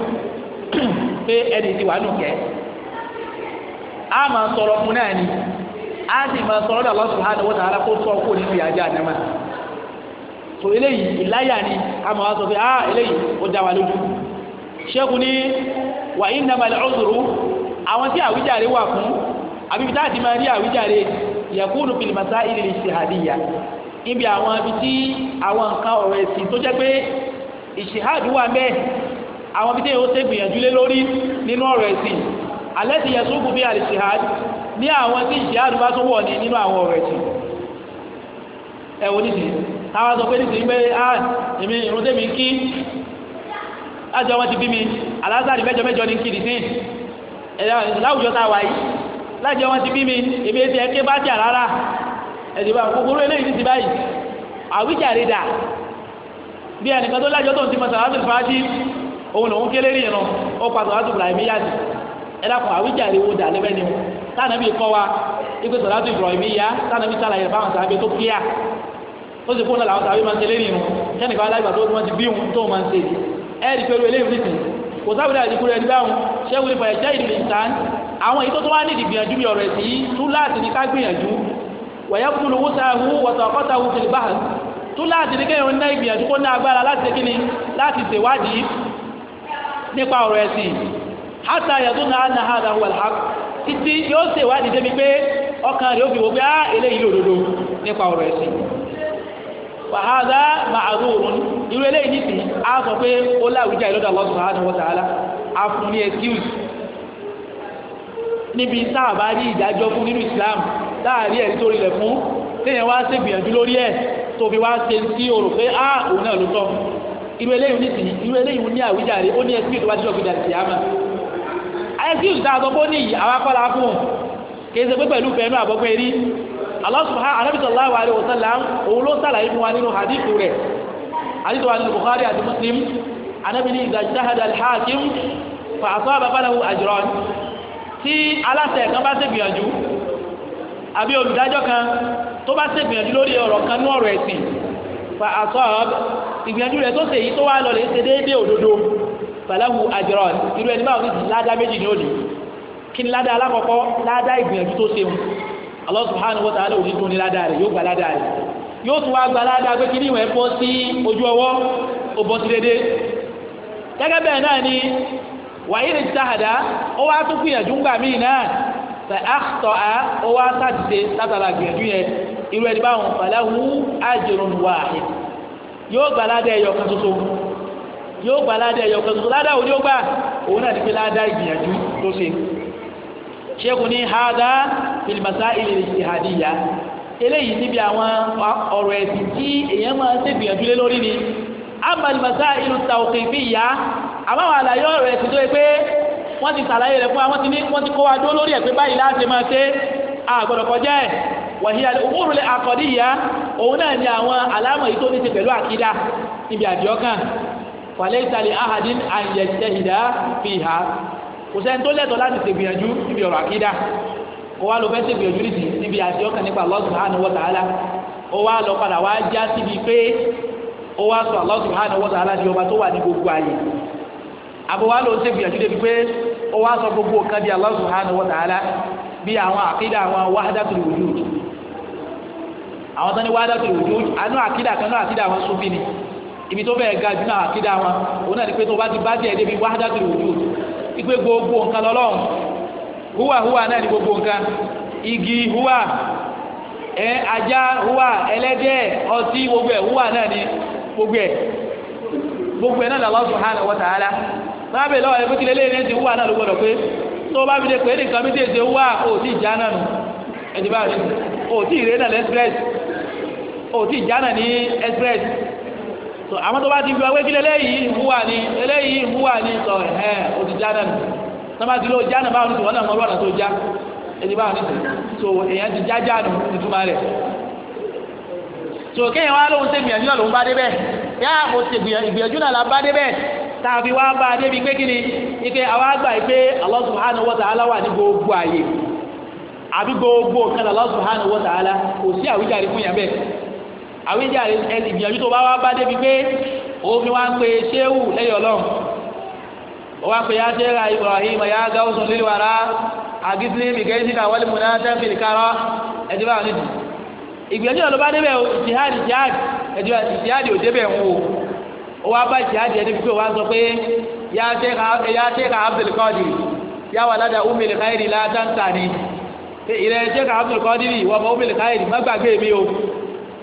pé ẹni tí wà nù kẹ́ a máa sọ̀rọ̀ fún náà ni a sì máa sọ̀rọ̀ dà Allah subhanahu wa ta'ala kó sọ kó nínú ìyájà àdámà so eléyìí ìláyà ni a máa sọ pé a ah, eléyìí ó dá wa lójú ṣẹ́kù ní wà innamal udhru àwọn tí àwíjàre wà fún àbíbi tá a ti máa rí àwíjàre yakunu fil masaili al-ijtihadiyya níbi àwọn ibi tí àwọn nǹkan ọ̀rọ̀ ẹ̀sìn tó jẹ́ pé ìṣèhádìí wà mẹ́ẹ̀ àwọn ibi tí yóò ṣe gbìyànjú lé lórí nínú ọ̀rọ̀ ẹ̀sìn alẹ́ ti yẹ sóògùn bí al-ijtihad ní àwọn tí ìṣèhádìí bá tó wọ̀ ní nínú àwọn ọ̀rọ̀ ẹ̀sìn ẹ wò nídìí táwa sọ pé nídìí pé a ah, èmi ìrúndé mi kí láti ọmọ ti bí mi alásàdì mẹ́jọ mẹ́jọ ní kìdìsín láwùjọ tá a wà yìí láti ọmọ ti bí mi èmi ti ẹ̀kẹ́ bá jà rárá ẹ̀sìn bá gbogbo eléyìí ti báyìí àwíjàre dà bí ẹnìkan tó lájọ tó ń ti mọ sàlátù fàájì òun lòun kélé rí ìran ó pa sàlátù ibrahim yáàdì ẹ dákun àwíjàre wo dà lẹ́bẹ̀ẹ́ ni o tànàbí kọ́ wa ikú sàlátù ibrahim yá tànàbí sàlàyé fáwọn sàbẹ̀ tó kíá ó sì fún un náà làwọn sàbẹ̀ máa ń tẹ̀lé rí ìran kẹ́nìkan aláìgbà tó ti bí òun tó máa ń ṣe ẹ̀ẹ́dì pẹ̀lú eléyìí kò sábìlì àdìkú rẹ̀ ní báwọn ṣẹ́gun nípa ẹ̀jẹ̀ ìlú ìtàn àwọn èyí tó tó wá ní ìgbìyànjú bí ọ̀rọ̀ ẹ̀sìn yìí túláàsì ní ká gbìyànjú wẹ̀yẹ́ kúlù wúsàáhù wọ̀tọ̀kọ́tàhù fìlìbà túláàsì ní kéèyàn ná ìgbìyànjú kó ná agbára láti kíni láti ṣèwádìí nípa ọ̀rọ̀ ẹ̀sìn hátà yàtọ̀ náà nà hàdà wàlhàk títí yóò ṣèwádìí débi pé ọkàn rẹ̀ ó fi wò pé á ah, eléyìí lòdodo nípa ọ̀rọ̀ ẹ̀sìn wàhálà màdúrún irú eléyìí ní sìn á sọ pé ó láwùjá ìlọ́dọ̀ Allah subhanahu wa ta'ala á fún ní excuse níbi tá a bá rí ìdájọ́ fún nínú Islam tá a rí ẹ̀rí tó rí rẹ̀ fún téèyàn wá ṣe gbìyànjú lórí ẹ̀ tó fi wá ṣe sí òrò pé á ah, òun náà ló tọ́ irú eléyìí ní sìn irú eléyìí ní àwùjáre ó ní excuse wájú ọ̀gbìn àti àmà excuse tá a sọ pé ó ní yìí àwa kọ́ la fún un kì í ṣe pé pẹ̀lú pẹ̀lú Allah subhanahu wa ta'ala òun ló sàlàyé fún wa nínú hadithu rẹ̀ hadithu wa nínú Bukhari àti Muslim anabi ni idha jahada al-hakim fa asaba falahu ajran tí aláṣẹ kan bá ṣe gbìyànjú àbí olùdájọ́ kan tó bá ṣe gbìyànjú lórí ọ̀rọ̀ kan ní ọ̀rọ̀ ẹ̀sìn fa asaba ìgbìyànjú rẹ̀ tó ṣe yìí tó wá lọ lè ṣe déédéé òdodo falahu ajran irú ẹni báwo ní ládá méjì ní òdì kí ni ládá alákọ̀ọ́kọ́ ládá ìgbìyànjú tó ṣe wọn Allah subhanahu wa ta'ala òní dùn ní ládàá rẹ̀ yóò gbà ládàá rẹ̀ yóò tún wá gbà ládàá pé kí níwọ̀n bọ́ sí ojú ọwọ́ ó bọ́ sí dédé gẹ́gẹ́ bẹ́ẹ̀ náà ni wàyí ni jahada ó wá tún gbìyànjú ńgbà míì náà fẹ àtọ̀ á ó wá sàtìsẹ látara gbìyànjú yẹn irú ẹni báwọn falahu ajrun wahid yóò gbà ládàá ẹyọ kan ṣoṣo yóò gbà ládàá ẹyọ kan ṣoṣo ládàá òní ó gbà òun náà ti fi ládàá ìgbìyànjú tó ṣe ṣéèkù ní hadha fil masail al-ijtihadiyya eléyìí níbi àwọn ọ̀rọ̀ ẹ̀sìn tí èèyàn máa ń ṣègbìyànjú lé lórí ni amalimasa al-masail at-tawqifiyya àmọ́ àwọn àlàyé ọ̀rọ̀ ẹ̀sìn tó yẹ pé wọ́n ti sàlàyé rẹ̀ fún wa wọ́n ti ní wọ́n ti kó wa dó lórí ẹ̀ pé báyìí láti máa ṣe àgbọ̀dọ̀ kọjá ẹ̀ wàhíyá umuru al òun náà ni àwọn àlámọ̀ yìí tó ní ti pẹ̀lú àkídá níbi àdìọ́kàn falaysa li ahadin an yajtahida fiha kò sẹ́ni tó lẹ́tọ̀ọ́ láti ṣègbìyànjú níbi ọ̀rọ̀ àkídà ó wá lọ fẹ́ ṣègbìyànjú nìdí níbi àti ọkàn nípa Allah subhanahu wa ta'ala ó wá lọ padà wá já síbi pé ó wá sọ ta'ala di ọba tó wà ní gbogbo ayé àbúwá ló ń ṣègbìyànjú débi pé ó gbogbo di ta'ala bí àwọn àkídà àwọn àwọn tó kan náà ni ibi tó ga ìgbé gbogbo nǹkan lọ́lọ́run húwà húwà náà ní gbogbo nǹkan igi húwà ẹ ajá húwà ẹlẹ́dẹ̀ ọtí gbogbo ẹ̀ húwà náà ní gbogbo ẹ̀ gbogbo ẹ̀ náà Allah subhanahu wa ta'ala máa bẹ̀ lọ́wọ́ ẹ̀ fún kílélẹ́ ní ti húwà náà ló gbọdọ̀ pé tó bá fi lè pè é nìkan bí tètè húwà ò tí ìjà náà nù ẹ̀dí bá rí ò tí ìrẹ́ náà lẹ́sprẹ́s ò tí ìjà náà ní express so àmọ́ tó bá ti fi wá pé kí eléyìí ni eléyìí ìhùwà sọ ẹ̀ o ti já náà ti lọ já báwọn wọn náà já ẹni so èèyàn ti já nù ìtumá rẹ̀ so kéèyàn wá lóhun ṣe gbìyànjú náà lòún bá yá mo ṣe gbìyànjú náà la bá débẹ̀ tàbí wá bá a débi pé kí ni ike àwa gbà yìí pé Allah subhanahu wa ta'ala wà ní gbogbo àyè àbí gbogbo kan kò sí àwíjàre ẹni ìgbìyànjú tó bá wá bá débi pé òfin wá ń pe ṣéwù lẹ́yìn ọlọ́run ó wá pe yá ṣẹ́ra Ibrahim yá gáwùsùn lílùwàrà àgísí mìkẹ́sì náà wọ́n lè múná tẹ́ǹfìlì kárọ́ ẹ̀dí bá wọn ìgbìyànjú náà ló bá débẹ̀ jihadi jihadi ẹ̀dí bá jihadi ò débẹ̀ wọn o ó wá bá jihadi ẹni pípé wá sọ pé yá ṣẹ́ra Abdul Qadir yá wà ládàá umil khairi látàntà ni ìrẹ̀ ṣẹ́ra Abdul Qadir wọ́n mọ umil khairi má gbàgbé mi o.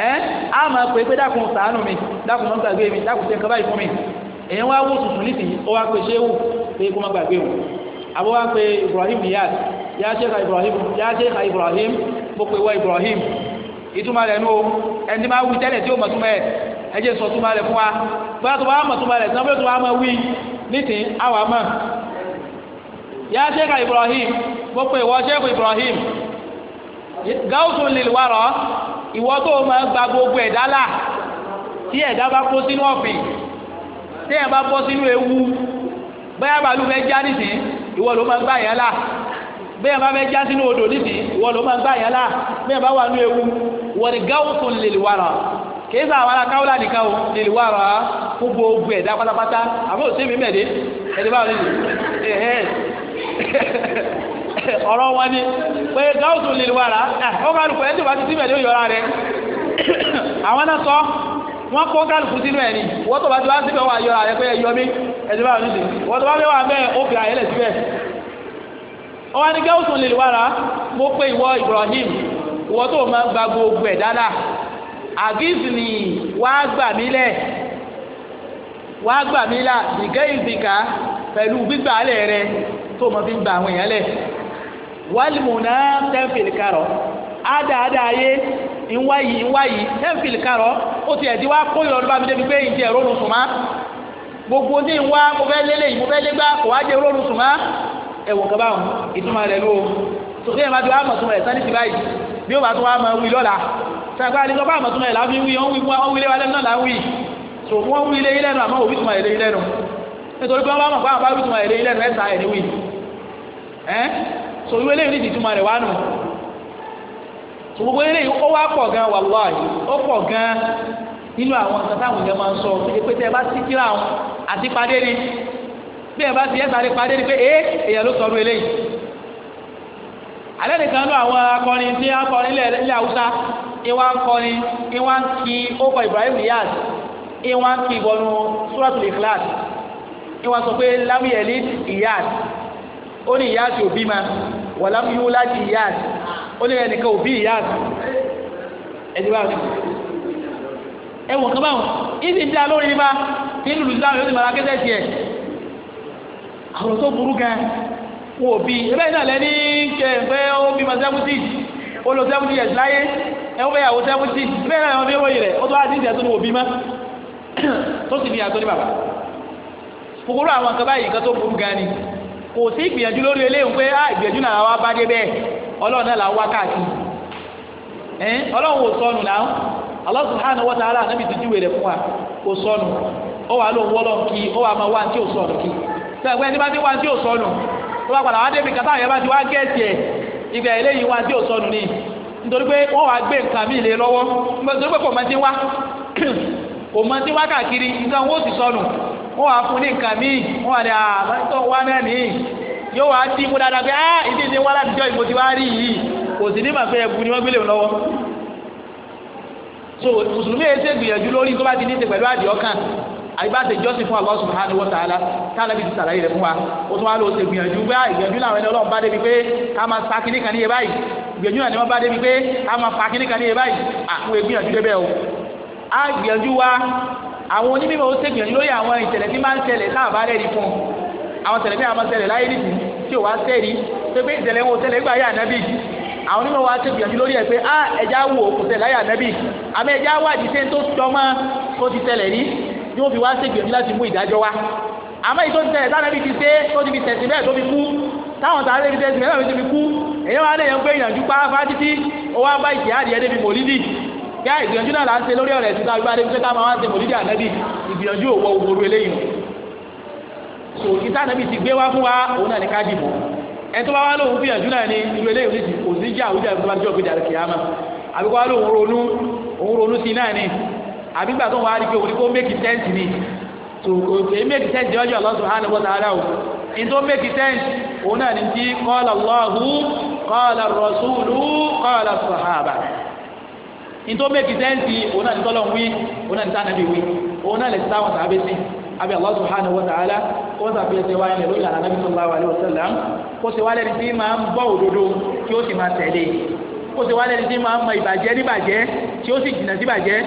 ẹ́ eh, á máa pè pé dákun ṣàánú mi dákun mọ́ gbàgbé mi dákun ṣe nǹkan báyìí mi èyàn wá wò tuntun nísìnyí ó wá pe ṣéwù pé kó má gbàgbé o àbọ̀ wá Ibrahim Niyas yá Ibrahim yá ṣèkà Ibrahim mo pe wọ Ibrahim ìtumọ̀ rẹ̀ nù ẹni máa wí tẹ́lẹ̀ tí ó mọ̀ ẹ̀ ẹ jẹ́ sọ túmọ̀ rẹ̀ fún wa Ibrahim mo ìwọ tó o máa gba gbogbo ẹ̀dá là tí ẹ̀dá bá kó sínú ọ̀fìn tí ẹ̀dá bá bọ́ sínú ewu bẹ́ẹ̀ bàálù fẹ́ já nìsín ìwọ ló máa gbá yẹn là bẹ́ẹ̀ bá fẹ́ já sínú odò nìsín ìwọ ló máa gbá yẹn là bẹ́ẹ̀ bá wà nú ewu wọ́n ni gáwùsùn lè wà rà kìí sọ àwọn akáwùlà nìkan o lè wà rà kó gbogbo ẹ̀dá pátápátá àbúrò sí mi mẹ́ẹ̀dẹ́ ẹ̀dẹ́ báwo ni ọ̀rọ̀ wọn ni pé gáwùsù lè wàrà ah, ó kálukú ẹ̀ tó bá ti síbẹ̀ ló yọra rẹ̀ àwọn náà sọ wọn kó kálukú sínú ẹ̀ ni wọ́n tó bá ti wá síbẹ̀ wà yọra rẹ̀ pé ẹ yọ mí bá wọn wọ́n tó bá fẹ́ wà bẹ́ẹ̀ ó fi àyè síbẹ̀ ó wá ní gáwùsù lè wàrà mo pé ìwọ Ibrahim ìwọ tó máa gba gbogbo ẹ̀ dáadáa àgíìsì wá gbà mí lẹ̀ wá gbà mí là dìgẹ́ ìdìkà pẹ̀lú gbígbà lẹ̀ rẹ tó máa fi gbà àwọn èèyàn lẹ̀ wàlìmùnà tẹ́ǹfìlì karọ̀ ádáadáa ayé ńwáyì ńwáyì tẹ́ǹfìlì karọ̀ ó ti ẹ̀dí wá kó ìrọ̀lú bá mi débi pé ìjẹ́ ìrọ̀lù sùnmá gbogbo ní ìwá mo fẹ́ lélẹ̀ yìí mo fẹ́ légbá kò wá jẹ́ ìrọ̀lù sùnmá ẹ̀wọ̀n kaba ọ̀hún ìtumọ̀ rẹ̀ ló sọ̀tẹ́ ìmá ti wá mọ̀ túnmọ̀ rẹ̀ sani ti báyìí bí ó bá tún wá mọ̀ wí lọ́la sàgbà àdìgbò bá mọ̀ túnmọ̀ rẹ̀ láfi wí so irú eléyìí nídìí túmọ̀ rẹ̀ wá nù so gbogbo eléyìí ó wá pọ̀ gan wàláì ó pọ̀ gan nínú àwọn nǹkan táwọn èèyàn máa ń sọ pé pé tẹ ẹ bá ti kíra àwọn àti padé ni bí ẹ bá ti ẹsà lè padé ni pé ee èèyàn ló sọ̀rọ̀ eléyìí alẹ́ nìkan nú àwọn akọrin tí akọrin ilẹ̀ haúsá ìwà ń kọrin ìwà ń kí ókọ Ibrahim Niyaz ìwà ń kí ìbọnú Suratul Ikhlas ìwà sọ pé lámìyẹ̀lì ìyáàdì ó ní ìyá àti òbí ma wàlám yóò láti ìyá àti ó ní ẹnìkan òbí ìyá àti ẹni bá ẹwọn kan báwọn ìdí ìdí alórí nípa kí lùlù sí àwọn yóò ti mara kẹsẹ tiẹ àwọn tó burú gan wọn ò bí náà lẹni kẹ pé ó ma sẹfúntì ó lọ sẹfúntì yẹn láyé ẹwọn bẹ yàwó sẹfúntì ẹbẹ náà wọn fi ròyìn rẹ ó tó wá sí ìdíyàtọ̀ ní òbí má tó sì ní ìyàtọ̀ ní bàbá kòkòrò àwọn kan báyìí kan tó burú gan ni. kò sí ìgbìyànjú lórí eléyìí pé á ah, ìgbìyànjú náà wá bá dé bẹ́ẹ̀ ọlọ́run náà là wá káàkiri ẹ̀ ọlọ́run ò sọnù náà Allah subhanahu wa ta'ala ànábì ti júwèé fún wa ò wà wọ́ lọ́n kí ó wà máa wá tí ò sọnù kí ẹni bá ti wá tí ò sọnù bá padà wá débi kàtà yẹn bá ti wá gẹ̀ẹ́sì ẹ̀ ò sọnù gbé nǹkan wọ́n wá fún ní nǹkan míì wọ́n wá ní àbájọ́ ah, wá náà ní yóò wá dín kú dáadáa pé ah ìdí ìdí wá láti jọ ìbò tí wá rí yìí kò sí ní màfẹ́ ẹ̀bù ni wọ́n gbélé lọ́wọ́ so mùsùlùmí yẹn ṣe gbìyànjú lórí tó bá ti ní ṣe pẹ̀lú àdìọ́ kan àyíbáṣe jọ́sìn fún Allah subhanahu wa ta'ala táwọn ẹbí ti sàlàyé rẹ̀ fún wa ó tún wá lọ ṣe gbìyànjú bá ah, ìgbìyànjú làwọn ẹni ọlọ́run bá débi pé ká máa sa kíní kan níye báyìí gbìyànjú náà ni wọ́n bá débi pé ká máa fa kíní kan níye báyìí ah, àwọn ìgbìyànjú débẹ̀ o á gbìyànjú wa àwọn onímọ̀ ó ṣègbìyànjú lórí àwọn ìṣẹ̀lẹ̀ tí máa ń ṣẹlẹ̀ náà bá rẹ̀ rí fún un àwọn ìṣẹ̀lẹ̀ tí a máa ṣẹlẹ̀ láyé nìsín tí ò wá sẹ́ẹ̀rí pé pé ìṣẹ̀lẹ̀ wọn ò ṣẹlẹ̀ gbà yà nábì àwọn onímọ̀ wa ṣègbìyànjú lórí ẹ̀ pé a ah, ẹja wo kò ṣẹlẹ̀ láyé ànábì àmọ́ ẹja wádìí ṣe ń tó jọmọ́ tó ti ṣẹlẹ̀ rí ni wọ́n fi wá ṣègbìyànjú láti mú ìdájọ́ wá àmọ́ èyí tó ti ṣẹlẹ̀ tánàbì ti ṣe tó ti fi tẹ̀sí bẹ́ẹ̀ tó fi kú táwọn tààrà ibi tẹ̀sí ìṣẹ́ yá ìgbìyànjú náà là ń ṣe lórí ọ̀rẹ́ títa wípé adébíyẹ ká máa wá ṣe mòlídìí ànábì ìgbìyànjú òwò òwòrò eléyìí so ìta ànábì ti gbé wá fún wa òun náà ní ká dìbò ẹni tó bá wá lóhun gbìyànjú náà ní irú eléyìí ní kò sí jẹ́ àwùjọ ìfúnpá jọ gbé dàrú kìámà àbíkọ́ wá lóhun ronú òun ronú sí náà ní àbígbà tó wà á rí pé òun ní kó mékì tẹ́ǹtì ni so èyí mékì tẹ́ǹtì ọjọ́ Allah subhanahu wa ta'ala o ní tó mékì tẹ́ǹtì òun náà ní ti qala Allahu qala nítorí mẹ́kì sẹ́ǹsì òun náà ti tọ́lọ̀ wí òun náà ti tá ànábì wí òun náà lè ti táwọn sàábé sí abẹ́ Allah subhanahu wa ta'ala ó ń sàfihàn ṣe wáyé lórí ìlànà nàbí sallallahu alaihi wasallam kó ṣe wá lẹ́ni tí máa ń bọ́ òdodo tí ó sì máa tẹ̀lé kó ṣe wá lẹ́ni tí máa ń mọ ìbàjẹ́ níbàjẹ́ tí ó sì jìnnà síbàjẹ́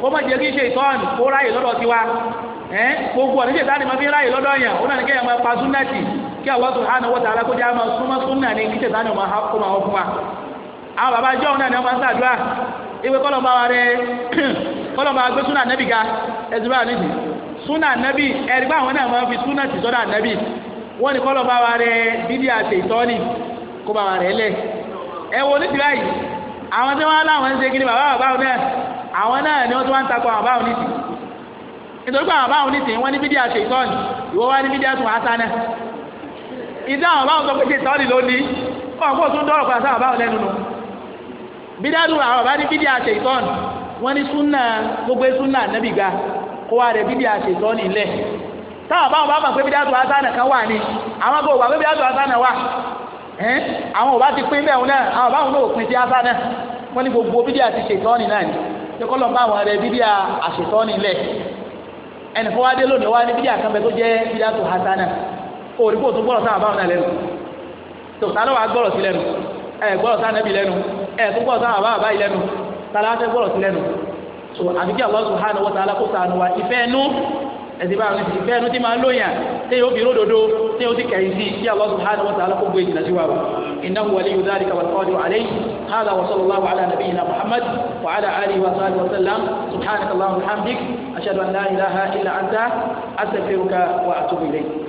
kó má jẹ́ kí ṣe ìtọ́n kó ráyè lọ́dọ̀ tiwa ẹ́ gbogbo ọ̀nà ìṣèta ni mo fi ráyè lọ́dọ̀ yàn ó náà ní kéèyàn máa pa súnàtì kí Allah subhanahu wa ta'ala kó jẹ́ àmọ́ súnmọ́ súnà ní ìṣèta ni ó máa kó máa wọ́n fún wa àwọn bàbá jọ́ọ̀ náà ni wọ́n máa ń ṣàdúrà ìwé kọ́lọ́mbà wa rẹ kọ́lọ́mbà wa gbé súnà nẹ́bì ga ẹ̀sìn bá nìyí súnà nẹ́bì ẹ̀rí bá àwọn náà máa fi súnà tì sọ́dà nẹ́bì wọ́n ní kọ́lọ́mbà wa rẹ bídí àti ìtọ́ni kó bá wa rẹ lẹ̀ ẹ wo ní tìlá yìí àwọn tí wọ́n láwọn ń ṣe kí ni bàbá bàbá wọn náà àwọn náà ni wọ́n ti wá ń takọ àwọn báwọn nìyí nítorí pé àwọn báwọn nìyí wọ́n ní bídí àti ìtọ́ni ìwọ wá ní bídí àti ìtọ́ni bídàdù àwọn bàbá ní bídìí àṣẹ ìtọ́nù wọ́n ní súnà gbogbo súnà nẹ́bì ga kó wá rẹ̀ bídìí àṣẹ ìtọ́nù ilẹ̀ táwọn báwọn bá mọ̀ pé bídàdù asánà kan wà ní àwọn kò wà pé bídàdù asánà wà ẹ́n àwọn ò bá ti pín bẹ́ẹ̀ náà àwọn báwọn náà ò pín sí asánà wọ́n ní gbogbo bídìí àṣẹ ìtọ́nù náà ni pé kọ́lọ́ bá àwọn rẹ̀ bídìí àṣẹ ìtọ́nù ilẹ̀ ẹnì fún wa dé lónìí wa ní bídìí àkànbẹ tó jẹ́ bídìí àtò òrìkó tó gbọ́rọ̀ sáà báwọn náà lẹ́nu ẹ gbọ́dọ̀ sáà nẹ́bí lẹ́nu ẹ tún gbọ́dọ̀ sáà bàbá yìí lẹ́nu tààlà á fẹ́ gbọ́dọ̀ sí lẹ́nu so àfi kí Allah subhanahu wa ta'ala kó ṣàánú ẹnu ẹ̀sìn bá wọn ìfẹ́ ẹnu tí máa ń lóyàn tí yóò fi ródòdó tí yóò ti kẹ̀yìn sí kí Allah subhanahu wa ta'ala kó gbé ìjìnà wa wa innahu waliyyu dhalika wal qadiru wa sallallahu ala nabiyyina muhammad wa ala alihi wa